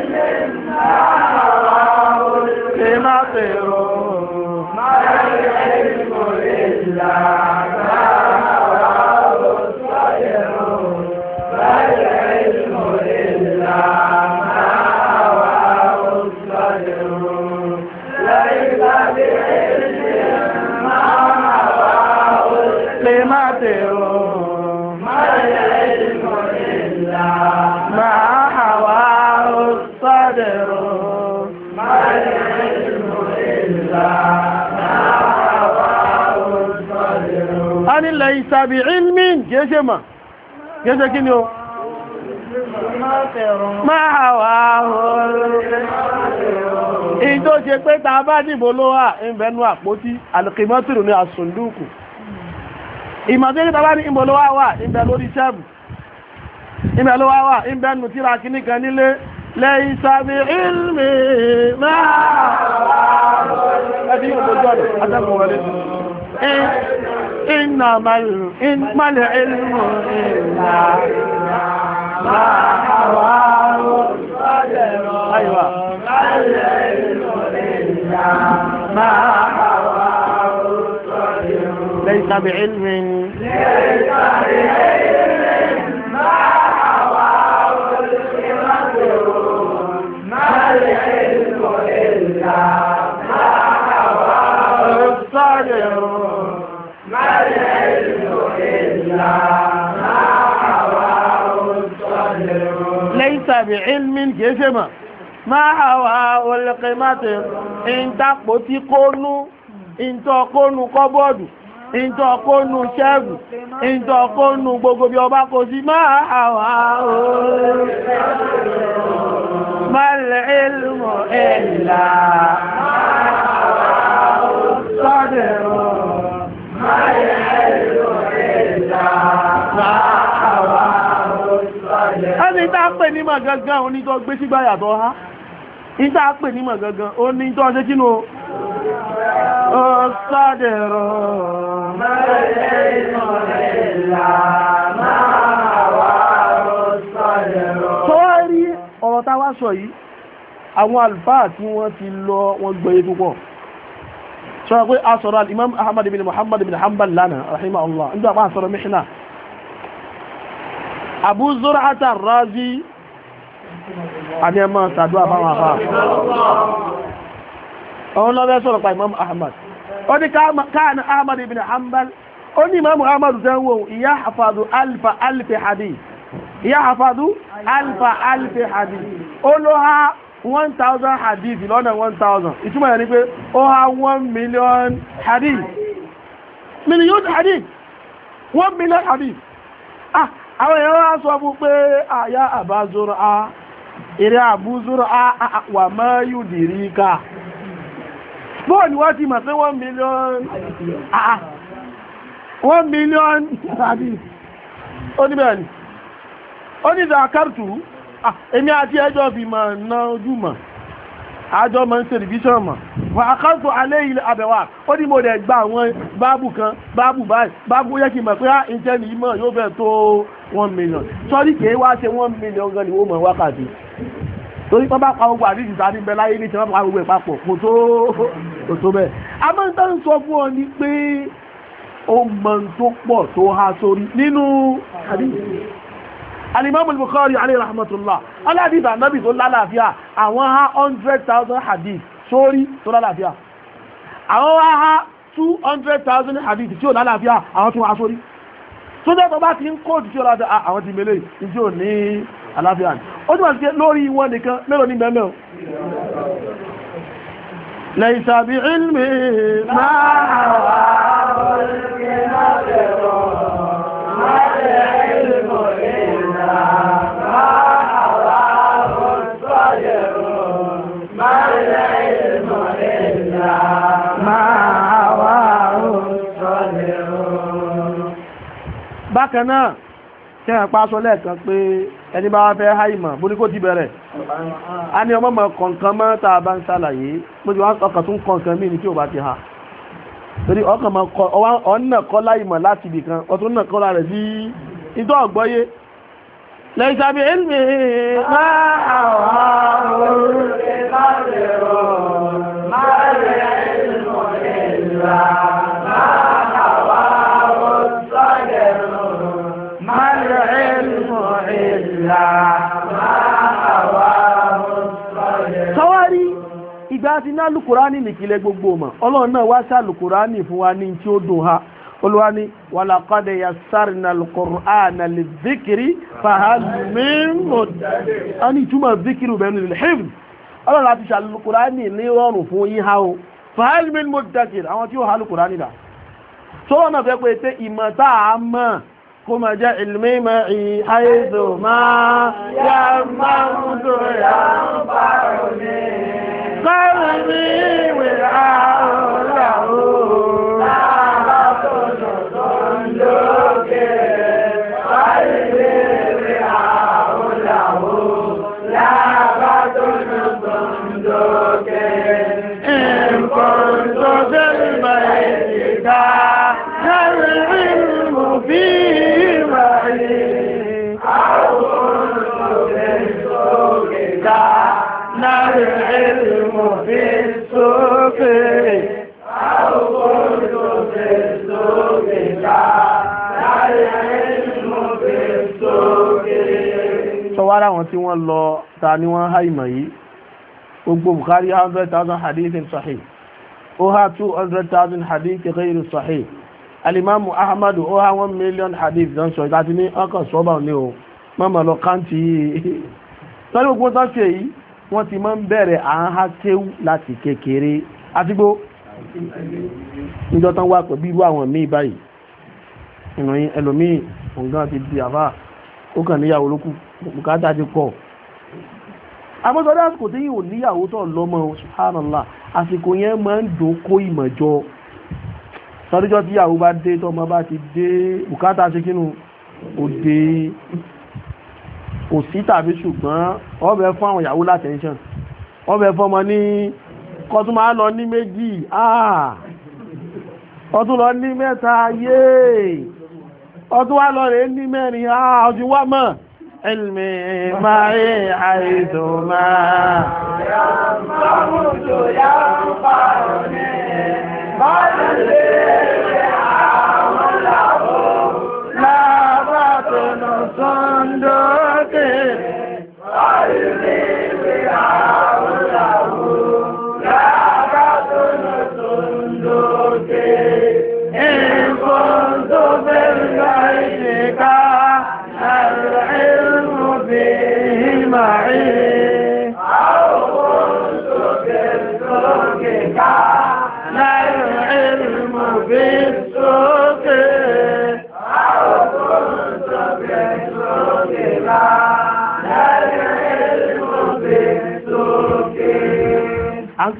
Ìmáṣe rò ó. Máa ń rí ẹ̀rí kò lè là. tàbí ilmin kìí ṣe mà kìí kí ni o máa wà ìyí tó ṣe pé ta bá dìbò ló wà ìbẹ̀nu àpótí alìkìmọ́tìrù ní àsùndúkù ìmọ̀síkítà bá ní wà wà ìbẹ̀ lórí sẹ́bù ìbẹ̀ ló إنما العلم إلا ما حواه الصدر أيوة العلم إلا ما حواه الصدر ليس بعلم ليس بعلم ما حواه الصدر ما العلم إلا ما حواه الصدر láìsàbí ilmin kìí ṣe mọ̀ máa àwà olùkẹ́mọ́tẹ̀ ìntàpò tí kó nú ìntọ́kónú kọ́bọ́ọ̀dù ìntọ́kónú ṣẹ́ẹ̀bù ìntọ́kónú gbogbo bí ọba kò sí máa àwà olùkẹ́mọ́tẹ̀ ẹni tá pè ní mọ̀ gangan onítọ́ gbé sígbáyà tó há ìta pè ní mọ̀ gangan onítọ́ ṣe kínú ọ̀sádẹ̀rọ̀ mẹ́rẹ̀ ìmọ̀ ìlà máa wà ọ̀sádẹ̀rọ̀ tó rí ọ̀rọ̀ táwá sọ yìí àwọn àlùfáà tí wọ́n ti lọ wọ́n gbẹ̀yẹ imam ahmad bin muhammad bin hanbal lánàá rahimahullah nígbà bá sọ̀rọ̀ mihna Abu Zur'ata Razi àní ẹmọ́ sàdúwà fáwọn àfáà ọ̀hún lọ́wẹ́ sọ̀rọ̀ pa Imam Ahmad ó ní káàna Ahmad ibn Hanbal ó ní Imam Ahmad zẹ́wọ̀n ìyá àfàdù alfa alfi hadith ìyá àfàdù alfa alfi hadith ó ló ha 1000 hadith lọ́nà 1000 ìtumọ̀ yẹn ni pé ó ha 1 million hadith million hadith 1 million hadith àwọn èèyàn wá sọ fún pé a eré àbúzọ́rọ̀ a wà mọ́ yóò dìrí ká bóò ni ti mọ̀ one million one million àbí oníbẹ̀ẹ̀ni onídàákàrùtù èmi àti àjọ máa ń ṣe revision mọ̀ wà á kọ́ńtò alẹ́ ilẹ̀ àbẹ̀wà ó ní mo dẹ̀ gba àwọn báàbù kan báàbù báyìí báàbù yẹ kí n mọ̀ pé ìjẹni ah, yìí mọ̀ yóò fẹ́ tó one million sọ́rí kìí wá ṣe one million gan ni wọ́n mọ̀ wákàtí torí pé bá pa gbogbo àdìsí ta ní bẹ láyé ní ìṣẹ́wọ́n pa gbogbo ẹ̀ papọ̀ kò tó kò tó bẹ́ẹ̀ àmọ́ ń tán sọ fún ọ ni pé ó mọ̀ tó pọ̀ tó há sórí nínú àdìsí alimami bukhari alayhi rahmatullah aládìsí ànábì tó lálàáfíà àwọn há hundred thousand hadith sórí tó lálàáfíà àwọn wá há two hundred thousand hadith tí ò lálàáfíà àwọn tún wá sórí tó jẹ́ tó bá ti ń kóòtù tí ó lálàáfíà àwọn ti mele tí ò ní àlàáfíà ni ó túnmọ̀ sí lórí wọn nìkan mélòó ní mẹ́mẹ́ o ليس بعلمه ما هو bákan náà kí ẹ̀ pàṣọ lẹ́ẹ̀kan pé ẹni bá wá fẹ́ há ìmọ̀ ní kó ti bẹ̀rẹ̀ a ní ọmọ mọ̀ kọ̀ọ̀kan mọ́ tá bá ń ṣàlàyé pé ọkàn tún kọ̀ọ̀kan míì ní tí ò bá ti ha torí ọkàn mọ̀ ọ̀nà kọ́lá ìmọ̀ láti ibì kan ọ̀tún náà kọ́lá rẹ̀ sí ìtọ́ ọ̀gbọ́yé lẹ́yìn sábẹ́ ẹ̀lùmí máa sọ́wárí ìgbà tí ná lùkùránì nìkìlẹ̀ gbogbo mọ̀ ọlọ́run náà wá sí àlùkùránì fún wa ní tí ó dùn ha olúwa ni wàlàkọ́dẹ̀ ya sárìnà na lè zikiri fàhálùmímọ̀ a ní ìtumọ̀ zikiri bẹ̀rù lèhìm ọlọ́run láti ṣàlùkùránì ní rọrùn fún yí ha o fàhálùmímọ̀ dákìrì àwọn tí ó كما جاء علمي معي حيث ما يا ينفعني قلبي وعاء قلبي وعاء له ثابت صندوقي إن كنت في الميت العلم في السوق أو كل في السوق sọwárá àwọn tí wọ́n lọ ta ní wọ́n há ìmọ̀ yìí gbogbo Bukhari 100,000 hadithin sahih ó 200,000 hadith ghayru sahih alimamu ahmadu oha há 1 million hadith don sọ ìdájí ní ọkọ̀ sọ́bà ní o mọ́mọ̀ lọ káńtì yìí wọ́n ti máa ń bẹ̀rẹ̀ à ń há kéwú láti kékeré àtìgbó níjọ́ tán wà pẹ̀lú irú àwọn míì báyìí ìròyìn ẹlòmíì òǹgá ti di àbá ó kàn níyàwó lókù bùkátà ti pọ̀ àmọ́sọ́dá àsìkò tí yìí ò níyàwó tó lọ́mọ subhanallah àsìkò yẹn máa ń dùn kó ìmọ̀jọ sọdíjọ́ tíyàwó bá dé tọ́mọ bá ti dé bùkátà ṣe kínú òde kò sí tàbí ṣùgbọ́n ọbẹ̀ fún àwọn ìyàwó látẹ̀ńṣàn ọbẹ̀ fọmọ ní kọtún máa lọ ní méjì ah! ọtún lọ ní mẹ́ta yéè ah! ọdún wá lọ rẹ̀ ní mẹ́rin ọdún wá mọ́ ilmi mari àìdò máa yàmùsọ̀ yàmùpàá ní bá lè rẹ̀ àà Son of Thunder, I live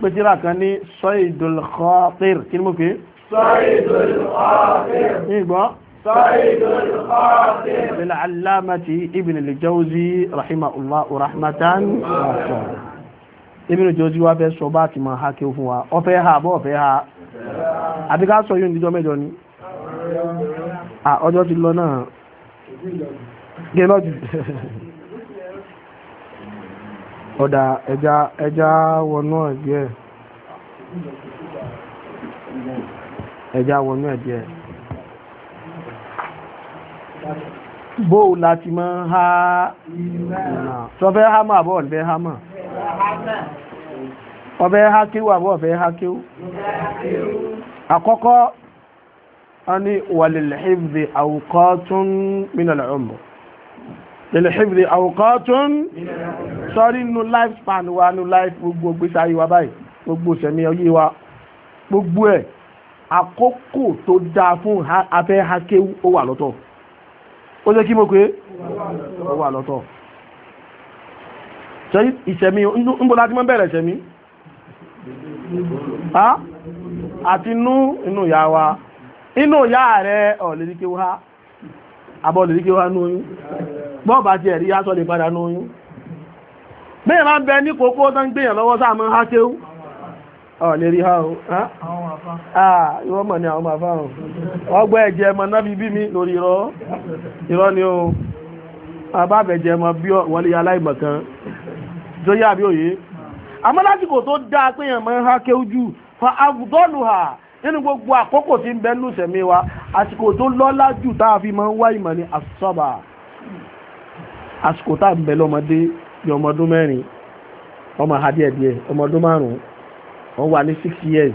pe tírà kan ní Saidul Khatir kí ni mo pè é. Saidul Khatir. ní ìgbọ́. Saidul Khatir. bil alamati Ibn al-Jawzi rahimahullah rahmatan wasi'a. Ibn al-Jawzi wa fẹ́ sọ bá ti máa ha kí o fún wa ọ̀fẹ́ ha bọ́ ọ̀fẹ́ ha àbí ká sọ yóò níjọ́ mẹ́jọ ni ọ̀dà ẹja ẹja wọnú ẹ̀ díẹ̀ ẹja wọnú ẹ̀ díẹ̀ bóò láti mọ́ ha sọfẹ́ hama àbọ̀ ọ̀fẹ́ hama ọ̀fẹ́ hákíw àbọ̀ ọ̀fẹ́ hákíw àkọ́kọ́ a ní wàlìlẹ̀ ìfẹ́ àwùkọ́ tún mínàlẹ̀ ọmọ lẹ́lẹ̀ṣẹ́bìrì àwòkọ́tún sọ́rí inú lifespan wa inú life gbogbo gbèsè ayé wa báyìí gbogbo sẹ̀mí ọyé wa gbogbo ẹ̀ àkókò tó dáa fún afẹ́ hake ó wà lọ́tọ̀ ó jẹ́ kí mo pé ó wà lọ́tọ̀ sọ́rí ìsẹ̀mí ń bọ́ láti mọ́ bẹ̀rẹ̀ ìsẹ̀mí àti inú ìyá wa inú ìyá rẹ̀ ọ̀lẹ́díkẹ́ wá abọ́lù rí kí wá ní oyún bọ́ọ̀bá ti ẹ̀rí yásọ́ lè padà ní oyún bẹ́ẹ̀ máa ń bẹ ní kòkó tán gbèyàn lọ́wọ́ sáàmù hákéú ọ̀ lè rí ha o ìwọ́n mọ̀ ní àwọn bàbá ọ̀ ọgbọ́ ẹ̀jẹ̀ mọ̀ náà fi bí mi lórí irọ́ irọ́ ni o àbábẹ̀jẹ̀ mọ̀ bí wọlé aláìmọ̀ kan tó yá àbí òye àmọ́ lásìkò tó dáa pé èèyàn mọ̀ hákéú jù fa àbùdọ́lù hà nínú gbogbo àkókò tí ń bẹ nínú sẹ̀mí wa àsìkò tó lọ́lá jù tá a fi máa ń wá ìmọ̀ ní àsọ́bà àsìkò tá a ń lọ́mọdé ní ọmọ ọdún mẹ́rin ọmọ ha díẹ̀ ọmọ ọdún márùn-ún ó ní six years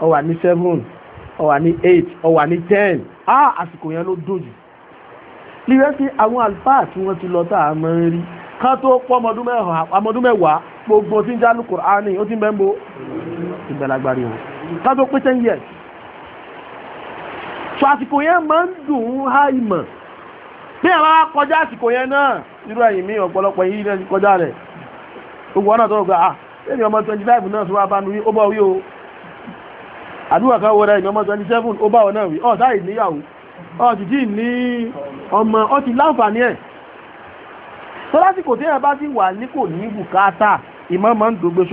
ó ní seven ó ní eight ó ní ten àsìkò yẹn ló dòjù lílẹ̀ sí àwọn àlùfáà tí wọ́n ti lọ tá a máa ń rí ká tó pọ́ ọmọdún mẹ́wàá gbogbo tí ń jálù kùránì ó ti ń bẹ́ ń bo ìgbàlagbà rẹ̀ wọ̀. ká tó pé ten years so àsìkò yẹn máa ń dùn ún ìmọ̀ bí àwọn akọjá àsìkò yẹn náà irú ẹ̀yìn mi ọ̀pọ̀lọpọ̀ yìí náà kọjá rẹ̀ gbogbo ọ̀nà tó ah, ọmọ 25 náà so wá o àdúrà kan ọmọ 27 ó bá wọ́n náà ọ̀ sáà ìníyàwó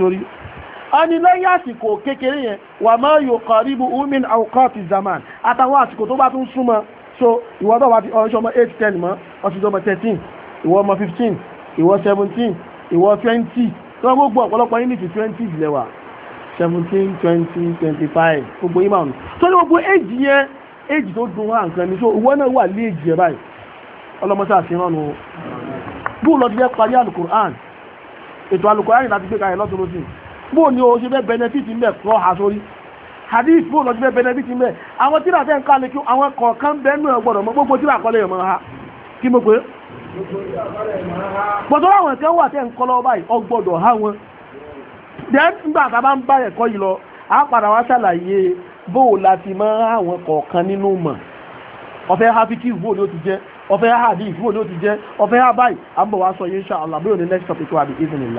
ọ ọni lẹ́yìn àsìkò kékeré yẹn wà máa yóò kọ̀ríbù umin alkọ́ọ̀tì zaman àtàwọn àsìkò tó bá tún súnmọ́ so ìwọ náà wà ti ọ̀ṣọ́ ọmọ 8 10 mọ́ ọ̀ṣọ́ ọmọ 13 ìwọ ọmọ 15 ìwọ 17 ìwọ 20 tó gbogbo ọ̀pọ̀lọpọ̀ yìí nìtì 20 lẹ́wà 17 20 25 gbogbo yìí máa nù tó ní gbogbo éjì yẹn éjì tó dùn hàn kan ní so ìwọ náà wà lé èjì yẹn báyìí ọlọmọsá àfihàn nù bóòlù ọdún yẹn parí alukur'an ètò alukur'an láti gbé kalẹ̀ lọ́tọ̀ọ́lọ́sìn bó ni o ṣe benefit mẹ́ kọ́ ha sórí hadith bó benefit mẹ́ àwọn tíra fẹ́ ń lè kí àwọn kọ̀ọ̀kan bẹ́ẹ̀ gbogbo tíra kọ́lẹ̀ mọ́ ha kí mo pé gbọ́dọ̀ àwọn ẹ̀kẹ́ wà tẹ́ ń kọ́ lọ́wọ́ báyìí ọgbọ́dọ̀ ha wọn nígbà tá a bá ń bá ẹ̀kọ́ yìí lọ a padà wá ṣàlàyé bó la ti àwọn kọ̀ọ̀kan nínú mọ̀ ọ̀fẹ́ bó ni ó ti jẹ́ ọ̀fẹ́ hadith bó ni ó ti jẹ́ ọ̀fẹ́ sọ yín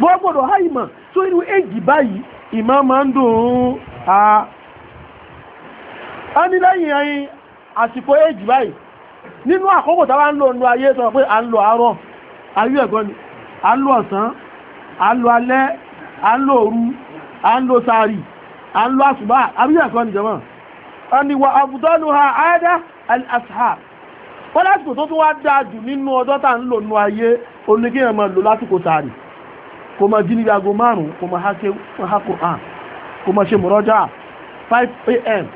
bọ́ gbọ́dọ̀ ha ìmọ̀ tó inú èjì báyìí ìmọ̀ ma ń dùn a a ní lẹ́yìn ẹyin àsìkò èjì báyìí nínú àkókò ń lò ayé sọ pé à ń lò àárọ̀ ayé ẹ̀gọ́ ni à ń lò ọ̀sán à ń lò alẹ́ à ń lò òru à ń lò sàárì ayé ẹ̀gọ́ ni jẹ́mọ̀ a wa àbùdọ́nu ha àádá al wọ́n lásìkò tó tún jù nínú ọjọ́ ń ayé lò kó máa aago márùn-ún kó máa há Quran 5 a.m.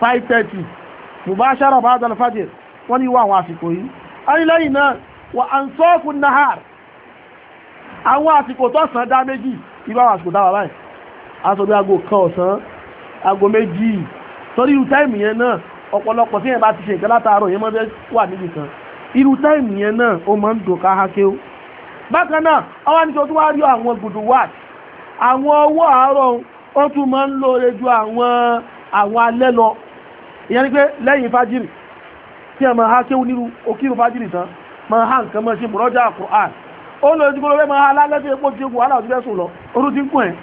5:30 mubashara bá dàlù wani wọ́n ní wà àwọn àsìkò yìí ayílẹ́yìn náà wà nahar àwọn àsìkò tó sàn meji méjì ibà àwọn àsìkò dáwà báyìí aṣọ bí aago kan ọ̀sán aago méjì torí irú táìmù yẹn náà ọ̀pọ̀lọpọ̀ tí bá ti ṣe nǹkan látàárọ̀ yẹn mọ́ fẹ́ wà níbi kan irú táìmù yẹn náà ó ń dùn ká bákan náà àwọn àníṣe tó wá rí àwọn gbùdù wà àwọn ọwọ́ àárọ̀ ó tún máa ń lóore ju àwọn àwọn alẹ́ lọ ìyẹn ni pé lẹ́yìn fájìrì tí ẹ máa ha kéwú níru òkìrù fájìrì tán máa ha nǹkan máa ṣe mọ̀rọ́jà Qur'an ó lọ sí kólóbẹ́ máa ha lálẹ́ tó epo tí ó wàhálà òtún fẹ́sùn lọ orú ti ń kún ẹ̀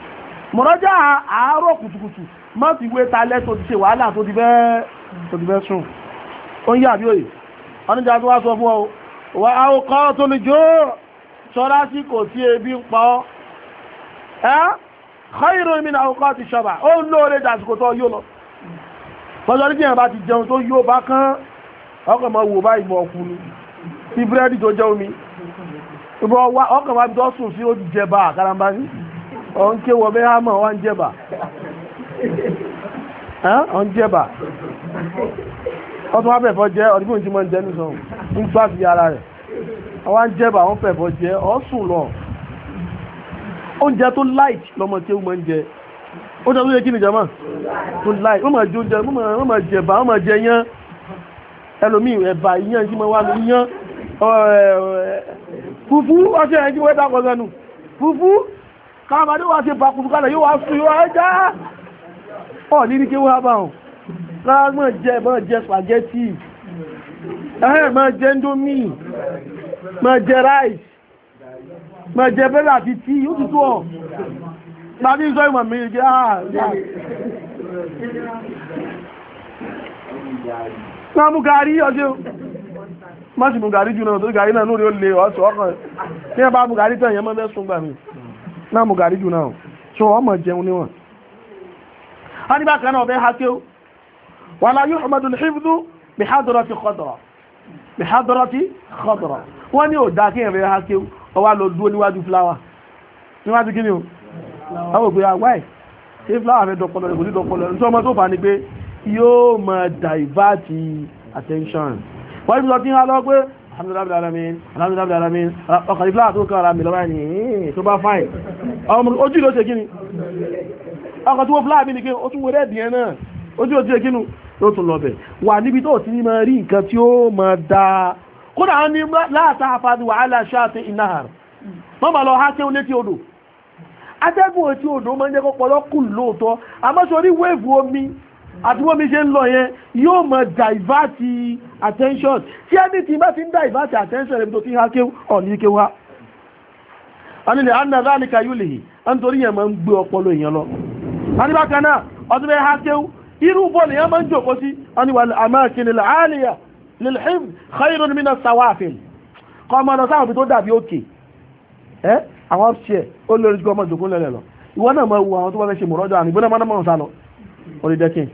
mọ̀rọ́jà àárọ̀ kùtùkùtù má fi wé ta lẹ́ tó ti ṣe wàhálà tó ti fẹ́ sùn ó ń yà bí òye ọdún jà tó wá sọ fún ọ wà á kọ́ tó lè jó sọ́lásìkò tí ebi ń pa ọ́ ẹ́ khairun min awqati shaba ó ń lóore dàsìkò tó yóò lọ tọ́jọ́ ní kíyàn bá ti jẹun tó yóò bá kán ọkọ̀ mọ́ wò bá ìmọ̀ ọkùn ni ti búrẹ́dì tó jẹ́ omi ọkọ̀ máa tó sùn sí ó jẹba àkàràmbá ní ọ̀n ké wọ bẹ́ hámọ̀ wọ́n jẹba ọ̀n jẹba ọtún wá bẹ̀fọ́ jẹ́ ọdún tí mo ń jẹ́ ń gbá fi ara rẹ̀ àwọn jẹ́bà àwọn fẹ̀bọ̀ jẹ́ ọ́ sùn lọ oúnjẹ tó light lọ́mọ tí ó máa jẹ oúnjẹ tó yẹ kí ni jama tó light wọ́n máa jẹ oúnjẹ wọ́n máa jẹ bá wọ́n máa jẹ yán ẹlòmíì ẹ̀bà yán tí mo wà ní yán fùfú ọṣẹ ẹ̀jí wọ́n dà kọ́ sẹ́nu fùfú káàmàdé wá ṣe bàkùfù kálẹ̀ yóò wá sùn yóò wá já ọ̀ ní ní kí wọ́n bá wọn lára máa jẹ máa jẹ spaghetti ẹ̀hẹ́ máa jẹ indomie máa jẹ ráìsì máa jẹ bẹ́rẹ̀ àti tí ó tutù ọ̀ tàbí sọ ìmọ̀ mi jẹ́ ah, àà mú gàrí ọjọ́ má sì mú gàrí jù náà tó gàrí náà lórí ó lè ọ̀sọ̀ ọkàn ní ẹbá mú gàrí tẹ̀yẹ mọ́ mẹ́sùn gbà mí náà mú gàrí jù náà ṣọ ọmọ jẹun níwọ̀n a nígbà kan náà ọ̀bẹ́ ha kí wà láyé ọmọdún ní ṣífúdú bí hádọ́rọ̀ ti kọ́dọ̀rọ̀ bihadrati khadra wọ́n ní òdá kí ẹ̀rẹ́ ha kí ó wá lọ dúó níwájú fúláwà níwájú kí ni o àwọn òpè àwáì ah, ṣé fúláwà fẹ́ dọpọlọ rẹ̀ kò ní dọpọlọ rẹ̀ nítorí ọmọ tó fà ní pé yóò mọ divert attention wọ́n ti sọ kí wọ́n lọ pé alhamdulilayi alamin alhamdulilayi alamin ọkàn ní fúláwà tó kàn ara mi lọ́wọ́ ẹni tó bá fáìn ojú ló ṣe kí ni ọkàn tó fúláwà mi ni pé ó tún wọlé ẹ̀dìyẹn náà ojú ló ṣe kí ni yóò tún lọ́bẹ̀ wà níbi tó ti ní máa rí nǹkan tí ó ma dáa kódà á ní láàtà àfàdì wàhálà ṣáàtì ìnáhàr wọ́n máa lọ hákẹ́ létí odò atẹ́gùn etí odò máa ń jẹ́ kó kù lóòótọ́ rí wéèvù omi àti wọ́n mi ṣe ń lọ yẹn yóò ma attention tí ẹni tí bá ti ń attention rẹ̀ tó ti hákẹ́ ọ̀ní ike wá irú bọ́ ni a máa ń jòkó sí a ní wà àmákin al'aliya lilhim khairun mina sawafil kọ ma lọ sáwọn bí tó dàbí òkè ẹ́ àwọn ṣe ó lórí jù ọmọ jòkó lẹ́lẹ̀ lọ ìwọ́n náà máa wu àwọn tó bá fẹ́ ṣe mọ̀rọ́jọ́ àmì gbọ́nà máa mọ̀ sálọ orí dẹ́kìn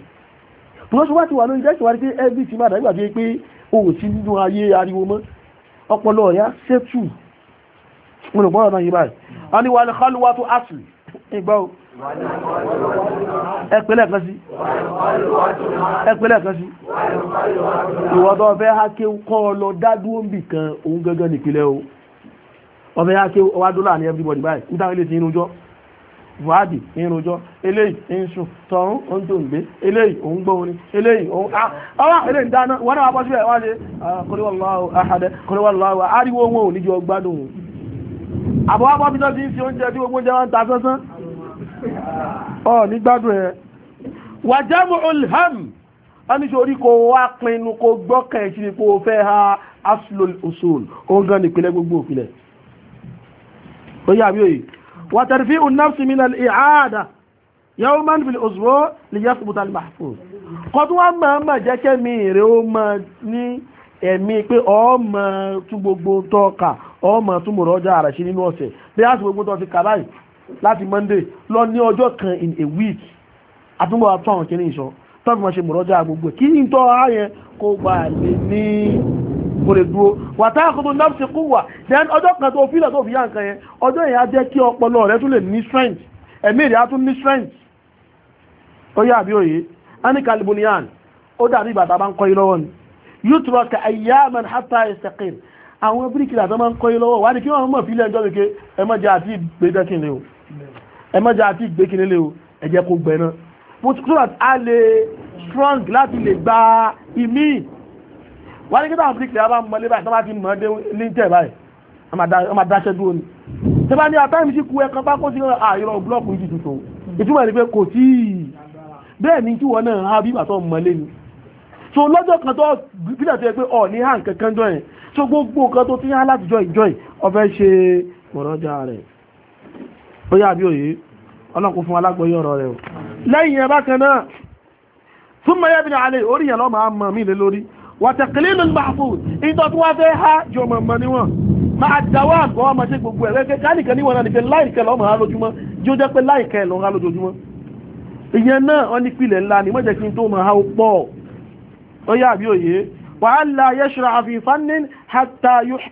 tó ẹ̀pẹ̀lẹ̀ kan sí ẹ̀pẹ̀lẹ̀ kan sí ìwọ̀dọ̀ ọ̀fẹ́ hákéw kọ́ lọ dádúró bì kan òun gangan nìpínlẹ̀ o ọ̀fẹ́ hákéw ọwá dọ́là ní everybody báyìí nítorí ilé ti inú jọ́ buhari irunjọ eléyìí inṣù tọrún oúnjẹ eléyìí òun gbọ́ orin eléyìí òun àwọn ah, eléyìí dáná wọ́n náà bọ́ sílẹ̀ wọ́n ṣe kọlíwọ̀láwò àhàdẹ kọlíwọ̀láwò ariwo wọn ò níjọ gbádùn àbọ̀wọ́ bọ́ bí tọ́jú ń fi oúnjẹ tí gbogbo ọ nígbádùn ẹ wàjámù olham aníṣòrí kò wá pinnu kò gbọ́kàn ẹ̀ síbi kò fẹ́ ha aslul usul òun gan nípínlẹ̀ gbogbo òpinlẹ̀ ó yà bí òye wàtàrífì unnafsi minal i'ada yawman fil li yathbuta al mahfuz tó máa máa ó máa ní ẹ̀mí pé ọjà àràṣí nínú ọ̀sẹ̀ bí a gbogbo tọ́ fi láti monday lọ ní ọjọ́ kan in a week àtúnbọ̀ àtún àwọn kìíní ìṣọ́ tó fi máa ṣe mọ̀rọ́jà gbogbo kí n tọ́ ààyẹn kó gbà lè ní kó lè dúró wà táyà kó tó náà ṣe kú wà then ọjọ́ kan tó fílẹ̀ tó fi yá nǹkan yẹn ọjọ́ yẹn á jẹ́ kí ọpọlọ rẹ tún lè ní strength ẹ̀mí rẹ á tún ní strength ó yá àbí òye ani kalibunian ó dàbí bàtà bá ń kọ́ yí lọ́wọ́ ni yútùrọ̀ ka ayyaman hatta yastaqim àwọn bíríkìlà tó máa ń kọ́ yí lọ́wọ́ wà ní kí wọ́n mọ̀ fílẹ̀ ẹjọ́ wípé ẹ ẹ mọ́jà àti ìgbékinlélẹ̀ o ẹ jẹ́ kó gbẹ náà mo ti kúrò a lè strong láti lè gba ìmí wà ní kí táwọn fílíkì lẹ́yà bá mọ lébàá tó bá ti mọ̀ dé ní tẹ̀ báyìí ọmọ adáṣẹ́ dúró ni tí bá ní àtàmì ah, sí ku ẹ̀kan bá kó sí àìrọ̀ ah, búlọ́ọ̀kù yìí tuntun ìtumọ̀ ní pé kò tí bẹ́ẹ̀ ni tí wọ́n náà ha bí bàtọ̀ mọ́lé ni so lọ́jọ́ kan tó gílẹ̀ tó yẹ pé ọ̀ ní hàn kankan jọ yẹn so gbogbo nǹkan tó ti hàn látijọ́ ìjọ yìí ọ̀fẹ́ ṣe mọ̀rọ́jà rẹ̀ ó yà bí òye ọlọ́kùn fún alágbóyé ọ̀rọ̀ rẹ̀ o lẹ́yìn ẹbá kan náà tún mọ̀ yẹ́bìnrin alẹ́ orí yẹn lọ́mọ àmọ́ mi lé lórí wàtẹ̀kìlì ló ń bá fún ìtọ́ tí wọ́n fẹ́ ha jọ mọ̀ mọ̀ ní wọn máa dáwọ́ àgbọ̀ ọmọ ṣe gbogbo ẹ̀rẹ́ pé káníkan níwọ̀n náà nìfẹ́ láìkẹ́ lọ́mọ ha lójúmọ́ jí ó jẹ́ pé láìkẹ́ lọ́mọ ha lójoojúmọ́ ìyẹn náà wọ́n ní pilẹ̀ ńlá ni mọ́jẹ́ kí n tó mọ̀ ha pọ̀ ó yà bí òye wàhálà yẹ́ṣọ́ra àfihàn fannin hatta yóò ṣ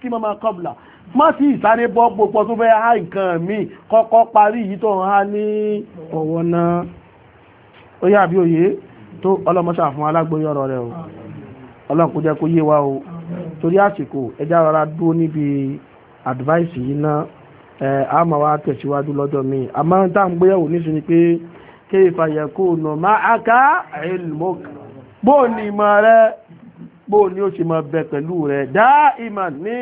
má sí ìsáré bọ́ gbogbo tó fẹ́ há nǹkan mi kọ́kọ́ parí yìí tó há ní ọ̀wọ́ náà ó yá àbí òye tó ọlọ́mọṣà fún alágbóyọ̀ ọ̀rọ̀ rẹ̀ o ọlọ́run kó yé wa o torí àsìkò ẹja rárá dúró níbi advice yìí náà ẹ a máa wá tẹ̀síwájú lọ́jọ́ mi àmọ́ tá à ń gbéyàwó nísìnyí bó ni ó ṣe máa bẹ pẹ̀lú rẹ̀ dáìmà ní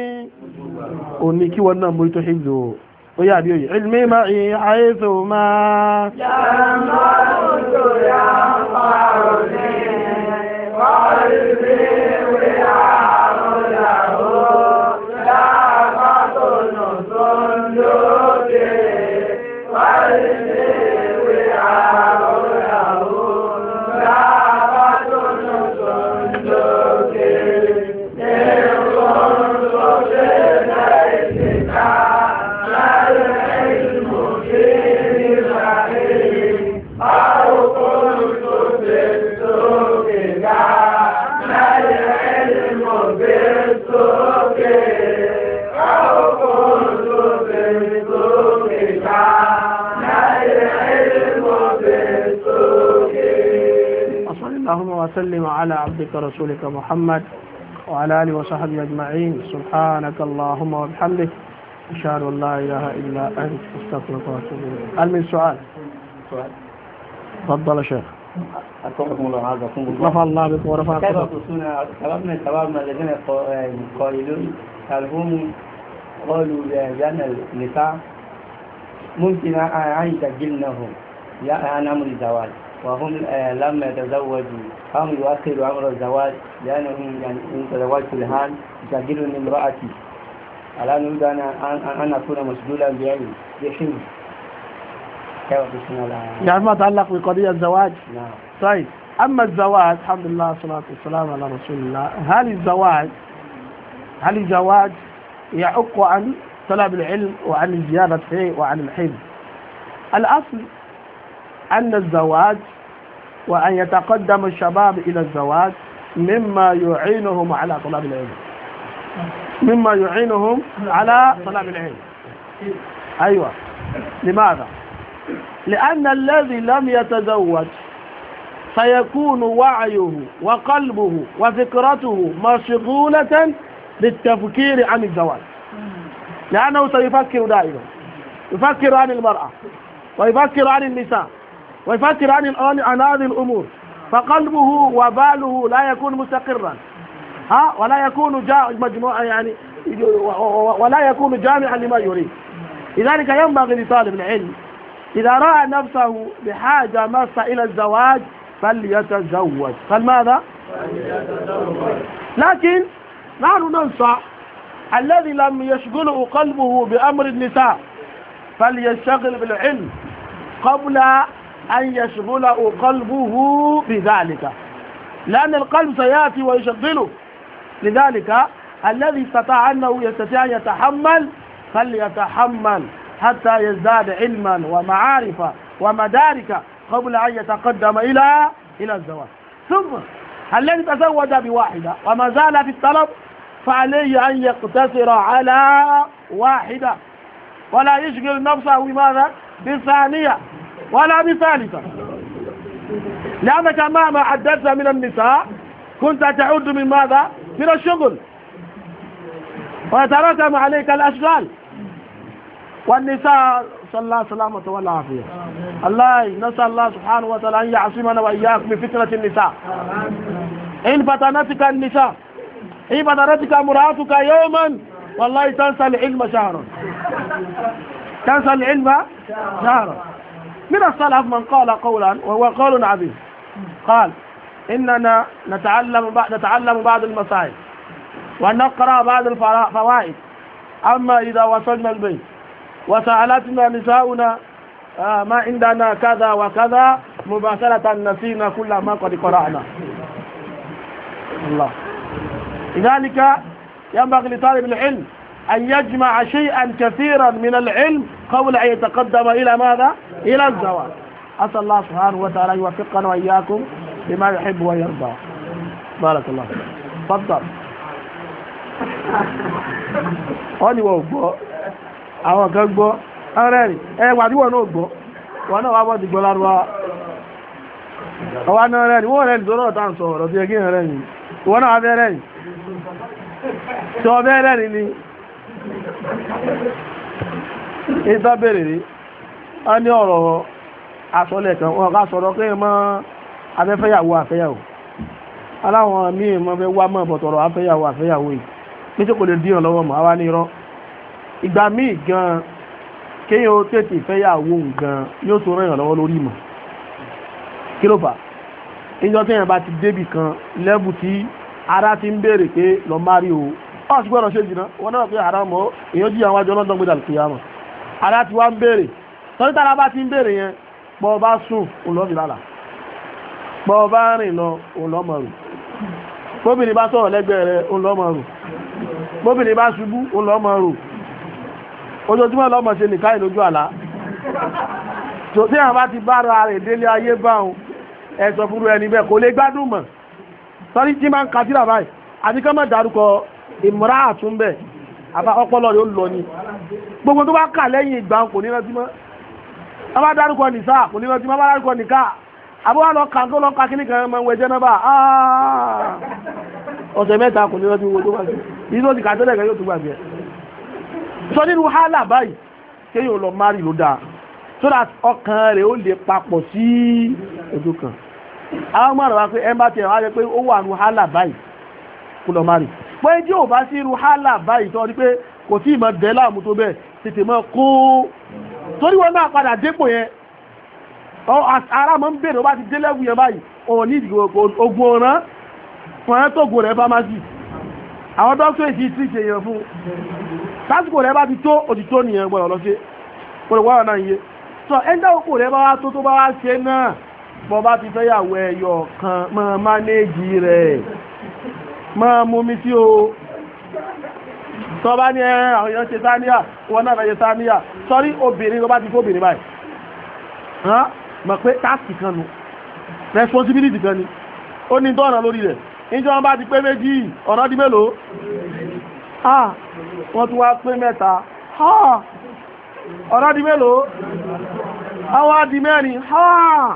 òní kí wọ́n náà mú tó ó yà bí òyìn ilmi ma ìyìn àyèsò máa yàrá رسولك محمد وعلى آله وصحبه أجمعين سبحانك اللهم وبحمدك أشهد أن لا إله إلا أنت أستغفرك وأتوب إليك هل من سؤال؟ سؤال تفضل يا شيخ أتوقفكم الله عز وجل رفع الله بك ورفع كيف تصون كلامنا كلامنا الذين يعني قائلون هم قالوا لأن النساء ممكن أن تجلنهم يا أنا أمر الزواج وهم آه، لم يتزوجوا هم يؤخروا أمر الزواج لأنهم يعني إن تزوجت الآن تجدني امرأتي الآن أريد أن أن أكون مشغولا بعلم بحلم يعني ما تعلق بقضية الزواج؟ نعم طيب أما الزواج الحمد لله والصلاة والسلام على رسول الله هل الزواج هل الزواج يعق عن طلب العلم وعن الزيادة فيه وعن الحلم الأصل أن الزواج وأن يتقدم الشباب إلى الزواج مما يعينهم على طلب العلم مما يعينهم على طلب العلم أيوة لماذا؟ لأن الذي لم يتزوج سيكون وعيه وقلبه وفكرته مشغولة بالتفكير عن الزواج لأنه سيفكر دائما يفكر عن المرأة ويفكر عن النساء ويفكر عن عن هذه الأمور فقلبه وباله لا يكون مستقرا ها ولا يكون مجموعة يعني ولا يكون جامعا لما يريد لذلك ينبغي لطالب العلم إذا رأى نفسه بحاجة ماسة إلى الزواج فليتزوج فلماذا؟ لكن نحن ننصح الذي لم يشغله قلبه بأمر النساء فليشتغل بالعلم قبل أن يشغله قلبه بذلك لأن القلب سيأتي ويشغله لذلك الذي استطاع أنه يستطيع أن يتحمل فليتحمل حتى يزداد علما ومعارف ومدارك قبل أن يتقدم إلى إلى الزواج ثم الذي تزوج بواحدة وما زال في الطلب فعليه أن يقتصر على واحدة ولا يشغل نفسه بماذا بالثانية ولا بثالثة لأنك مهما حدثت من النساء كنت تعود من ماذا؟ من الشغل ويترتم عليك الأشغال والنساء صلى الله سلامة والعافية الله نسأل الله سبحانه وتعالى أن يعصمنا وإياك من فتنة النساء إن فتنتك النساء إن فتنتك مراتك يوما والله تنسى العلم شهرا تنسى العلم شهرا من السلف من قال قولا وهو قول عظيم قال إننا نتعلم بعد نتعلم بعض المسائل ونقرأ بعض الفوائد أما إذا وصلنا البيت وسألتنا نساؤنا آه، ما عندنا كذا وكذا مباشرة نسينا كل ما قد قرأنا الله لذلك ينبغي لطالب العلم أن يجمع شيئا كثيرا من العلم قبل أن يتقدم إلى ماذا إلى الزواج أسأل الله سبحانه وتعالى يوفقنا وإياكم لما يحب ويرضى بارك الله تفضل wọ́n ni wọ́n gbọ́ àwọn kan gbọ́ ọ̀rẹ́ rí ẹwà tí wọ́n náà gbọ́ wọ́n náà wábọ́ ti gbọ́ lárúwá ọwá náà rẹ̀ ni wọ́n rẹ̀ ni tó lọ́ta ń sọ ọ̀rọ̀ tí ẹgbẹ́ rẹ̀ ni wọ́n náà abẹ́ ni tí ọbẹ́ ni ni ìta bèrè rí a ní ọ̀rọ̀ àsọlẹ̀ kan wọn ká sọ̀rọ̀ pé mọ́ afẹ́fẹ́yàwó àfẹ́yàwó aláwọn míì mọ́ fẹ́ wá mọ́ bọ̀tọ̀rọ̀ afẹ́yàwó àfẹ́yàwó yìí pé tí kò lè díyàn lọ́wọ́ mọ́ àwa ní irọ́ ìgbà míì gan kéèyàn ó tètè fẹ́yàwó gan yóò tó ràn yàn lọ́wọ́ lórí mọ́ kí ló fà ìjọ téèyàn bá ti débì kan lẹ́bù tí ara ti ń béèrè pé lọ́ọ́ má rí o ọ̀ sì gbọ́dọ̀ ṣe jìnnà wọn náà pé àrà mọ́ èèyàn jí àwọn àjọ lọ́dọ̀ gbé dàlùkì yá mọ́ ara ti wá ń béèrè torí tára bá ti ń béèrè yẹn pọ̀ bá sùn òlọ́bì lálà pọ̀ bá rìn lọ òlọ́mọ̀rù bóbìnrin bá sọ̀rọ̀ lẹ́gbẹ̀ẹ́ rẹ̀ òlọ́mọ̀rù bóbìnrin bá ṣubú òlọ́mọ̀rù ojoojúmọ́ lọ́mọ ṣe nìkan ìlójú àlá tòtí àwọn bá ti bára rẹ̀ délé ayé báhùn ẹ̀sọ̀ àbá ọpọlọ rẹ̀ ó lọ ni gbogbo tó bá kà lẹ́yìn ìgbà kò ní rántí mọ́ àbá dárúkọ nìsá kò ní rántí mọ́ àbá dárúkọ nìká àbá wà lọ kàn tó lọ ka kíní kan mọ ìwẹ̀ jẹ́nàbà ah! ọ̀sẹ̀ mẹ́ta kò ní rántí gbogbo tó bá sí ìlú òsì kàtẹ́lẹ̀ kan yóò tó gbàgbé sọ nínú hálà báyìí kéèyàn lọ márì ló dáa so that ọkàn rẹ̀ ó lè papọ̀ sí ojú kan àwọn ọmọ rẹ̀ wá pé ẹ bá tiẹ̀ wá jẹ́ pé ó wà nù hálà báyìí kó lọ márì pé tí ò bá sí irú hálà báyìí tó rí pé kò tí ìmọ̀ dẹ́ láàmú tó bẹ́ẹ̀ tètè mọ́ kó torí wọn náà padà dépò yẹn ara mọ́ ń bèèrè ó bá ti délẹ́wù yẹn báyìí ọ̀wọ̀ ní ogun ọ̀ràn fún ẹ́ tóògùn rẹ̀ fámásì àwọn dókítà èsì tí ṣe yẹn fún sásìkò máa mú mi tí ó tọ́ bá ní ẹran àwọn èèyàn ṣe sáníyà wọn náà fẹ́ ṣe sáníyà sọ́rí obìnrin ló bá ti fóbìnrin báyìí hàn mọ̀ pé táàkì kan nù responsibility kan ni ó ní tọ́ọ̀nà lórí rẹ̀ níjọ́ wọn bá ti pé méjì ọ̀nà di mélòó ah wọ́n tún wá pé mẹ́ta ah ọ̀nà di mélòó àwọn di mẹ́rin ah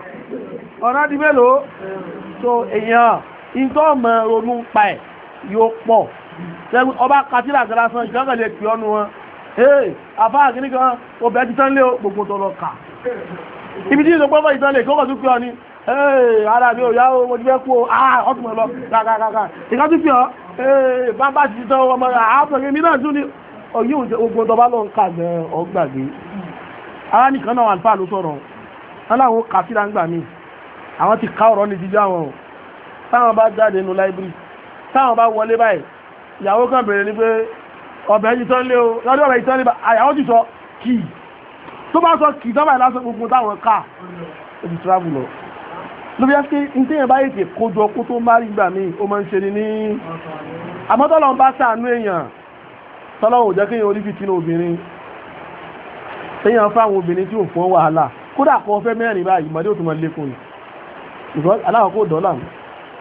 ọ̀nà di mélòó so èèyàn ìjọ ọmọ ronú ń pa ẹ̀ yóò pọ̀ ṣẹ́gun ọba katira àti lásán ìjọ́kàn lè pè ọ́nu wọn ee àfa àkíní kan obìnrin ti tán lé gbogbo tọrọ kà ibi tí ìsopọ̀ fọ́ ìtàn lè kókò tún pè ọ́ ni ee ara mi ò yá o mo ti fẹ́ kú o ah ọtún lọ kàkàkàkà ìka tún pè ọ́ ee bàbá ti tán ọmọ rẹ̀ àápọ̀lẹ̀ mi náà tún ni ọ̀yìn ògbó tọba lọ ń kà gan ọgbàgbé ara nìkan náà àlùfáà ló sọ̀rọ̀ wọn láwọn kà síra ń gbà mí àwọn ti ká ọ̀rọ̀ ní jíjá wọn o táwọn bá jáde nínú láìbírì táwọn bá wọlé báyìí ìyàwó kan bèèrè ní pé ọ̀bẹ̀ yìí tán lé o lọ́dún ọ̀bẹ̀ yìí tán lé àyàwó ti sọ kì í tó bá sọ kì í tán báyìí lásán gbogbo táwọn ká ebi travel lọ lóbi á sí ní téèyàn bá ètè kójọ kó tó má rí gbà míì ó máa ń ṣe ni ní àmọ́ tọ́lọ́ ń bá sàánú èèyàn tọ́lọ́ ò jẹ́ kéèyàn orí fìtínú obìnrin téèyàn fáwọn obìnrin tí ò fún wàhálà kódà kọ́ fẹ́ mẹ́rin báyìí mọ́dé òtún mọ́ lékún yìí dọ́là mi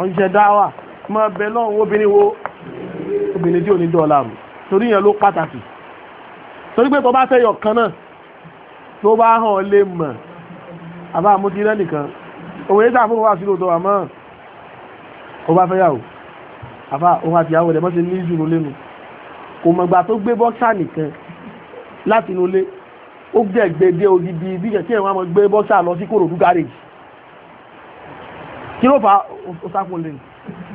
ọ̀nṣẹ́ dáwà máa bẹ lọ́run obìnrin wo obìnrin tí ò ní dọ́ọ̀lá mu torí yẹn ló pàtàkì torí pé tó bá fẹ́ yọ kan náà tó bá hàn lè mọ̀ àbá àmúti rẹ nìkan òun yéé sàfún wa sí lóòótọ́ àmọ́ ó bá fẹ́ yàwó àbá òun àti ìyàwó rẹ̀ mọ́ ti ní ìṣòro lẹ́nu kò mọ̀gbà tó gbé bọ́ksà nìkan láti inú ilé ó gbẹ̀gbẹ̀ dé odidi bí kẹ̀kẹ́ wọn gbé bọ́ksà lọ sí kòròdú gáréjì kí ló fà ó sápò lè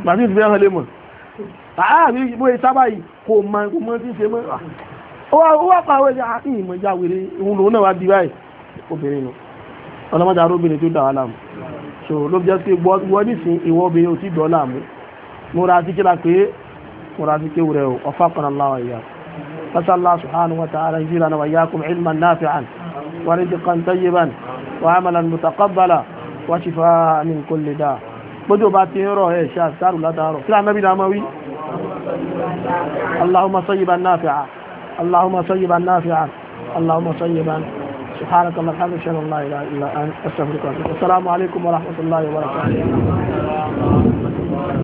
màtí ìdíbí ẹ̀hàn lè mọ̀ àárí ìbò ìsábà yìí kò mọ kò mọ tí ń ṣe mọ́ ó wá pa àwọn ẹ̀ṣẹ́ àti ìmọ̀ ìjà wèrè òun lòun náà wá di báyìí obìnrin nù ọlọ́mọdé aróbìnrin tó dà wá láàmú so ló jẹ́ pé wọ́n nísìn ìwọ obìnrin ò tí dọ́ láàmú mo ra وشفاء من كل داء بجو باتين رو ايه شاف سارو لا تارو سلام نبي داموي اللهم صيبا نافعا اللهم صيبا نافعا اللهم صيبا سبحانك اللهم الحمد لله لا اله الا انت استغفرك السلام عليكم ورحمه الله وبركاته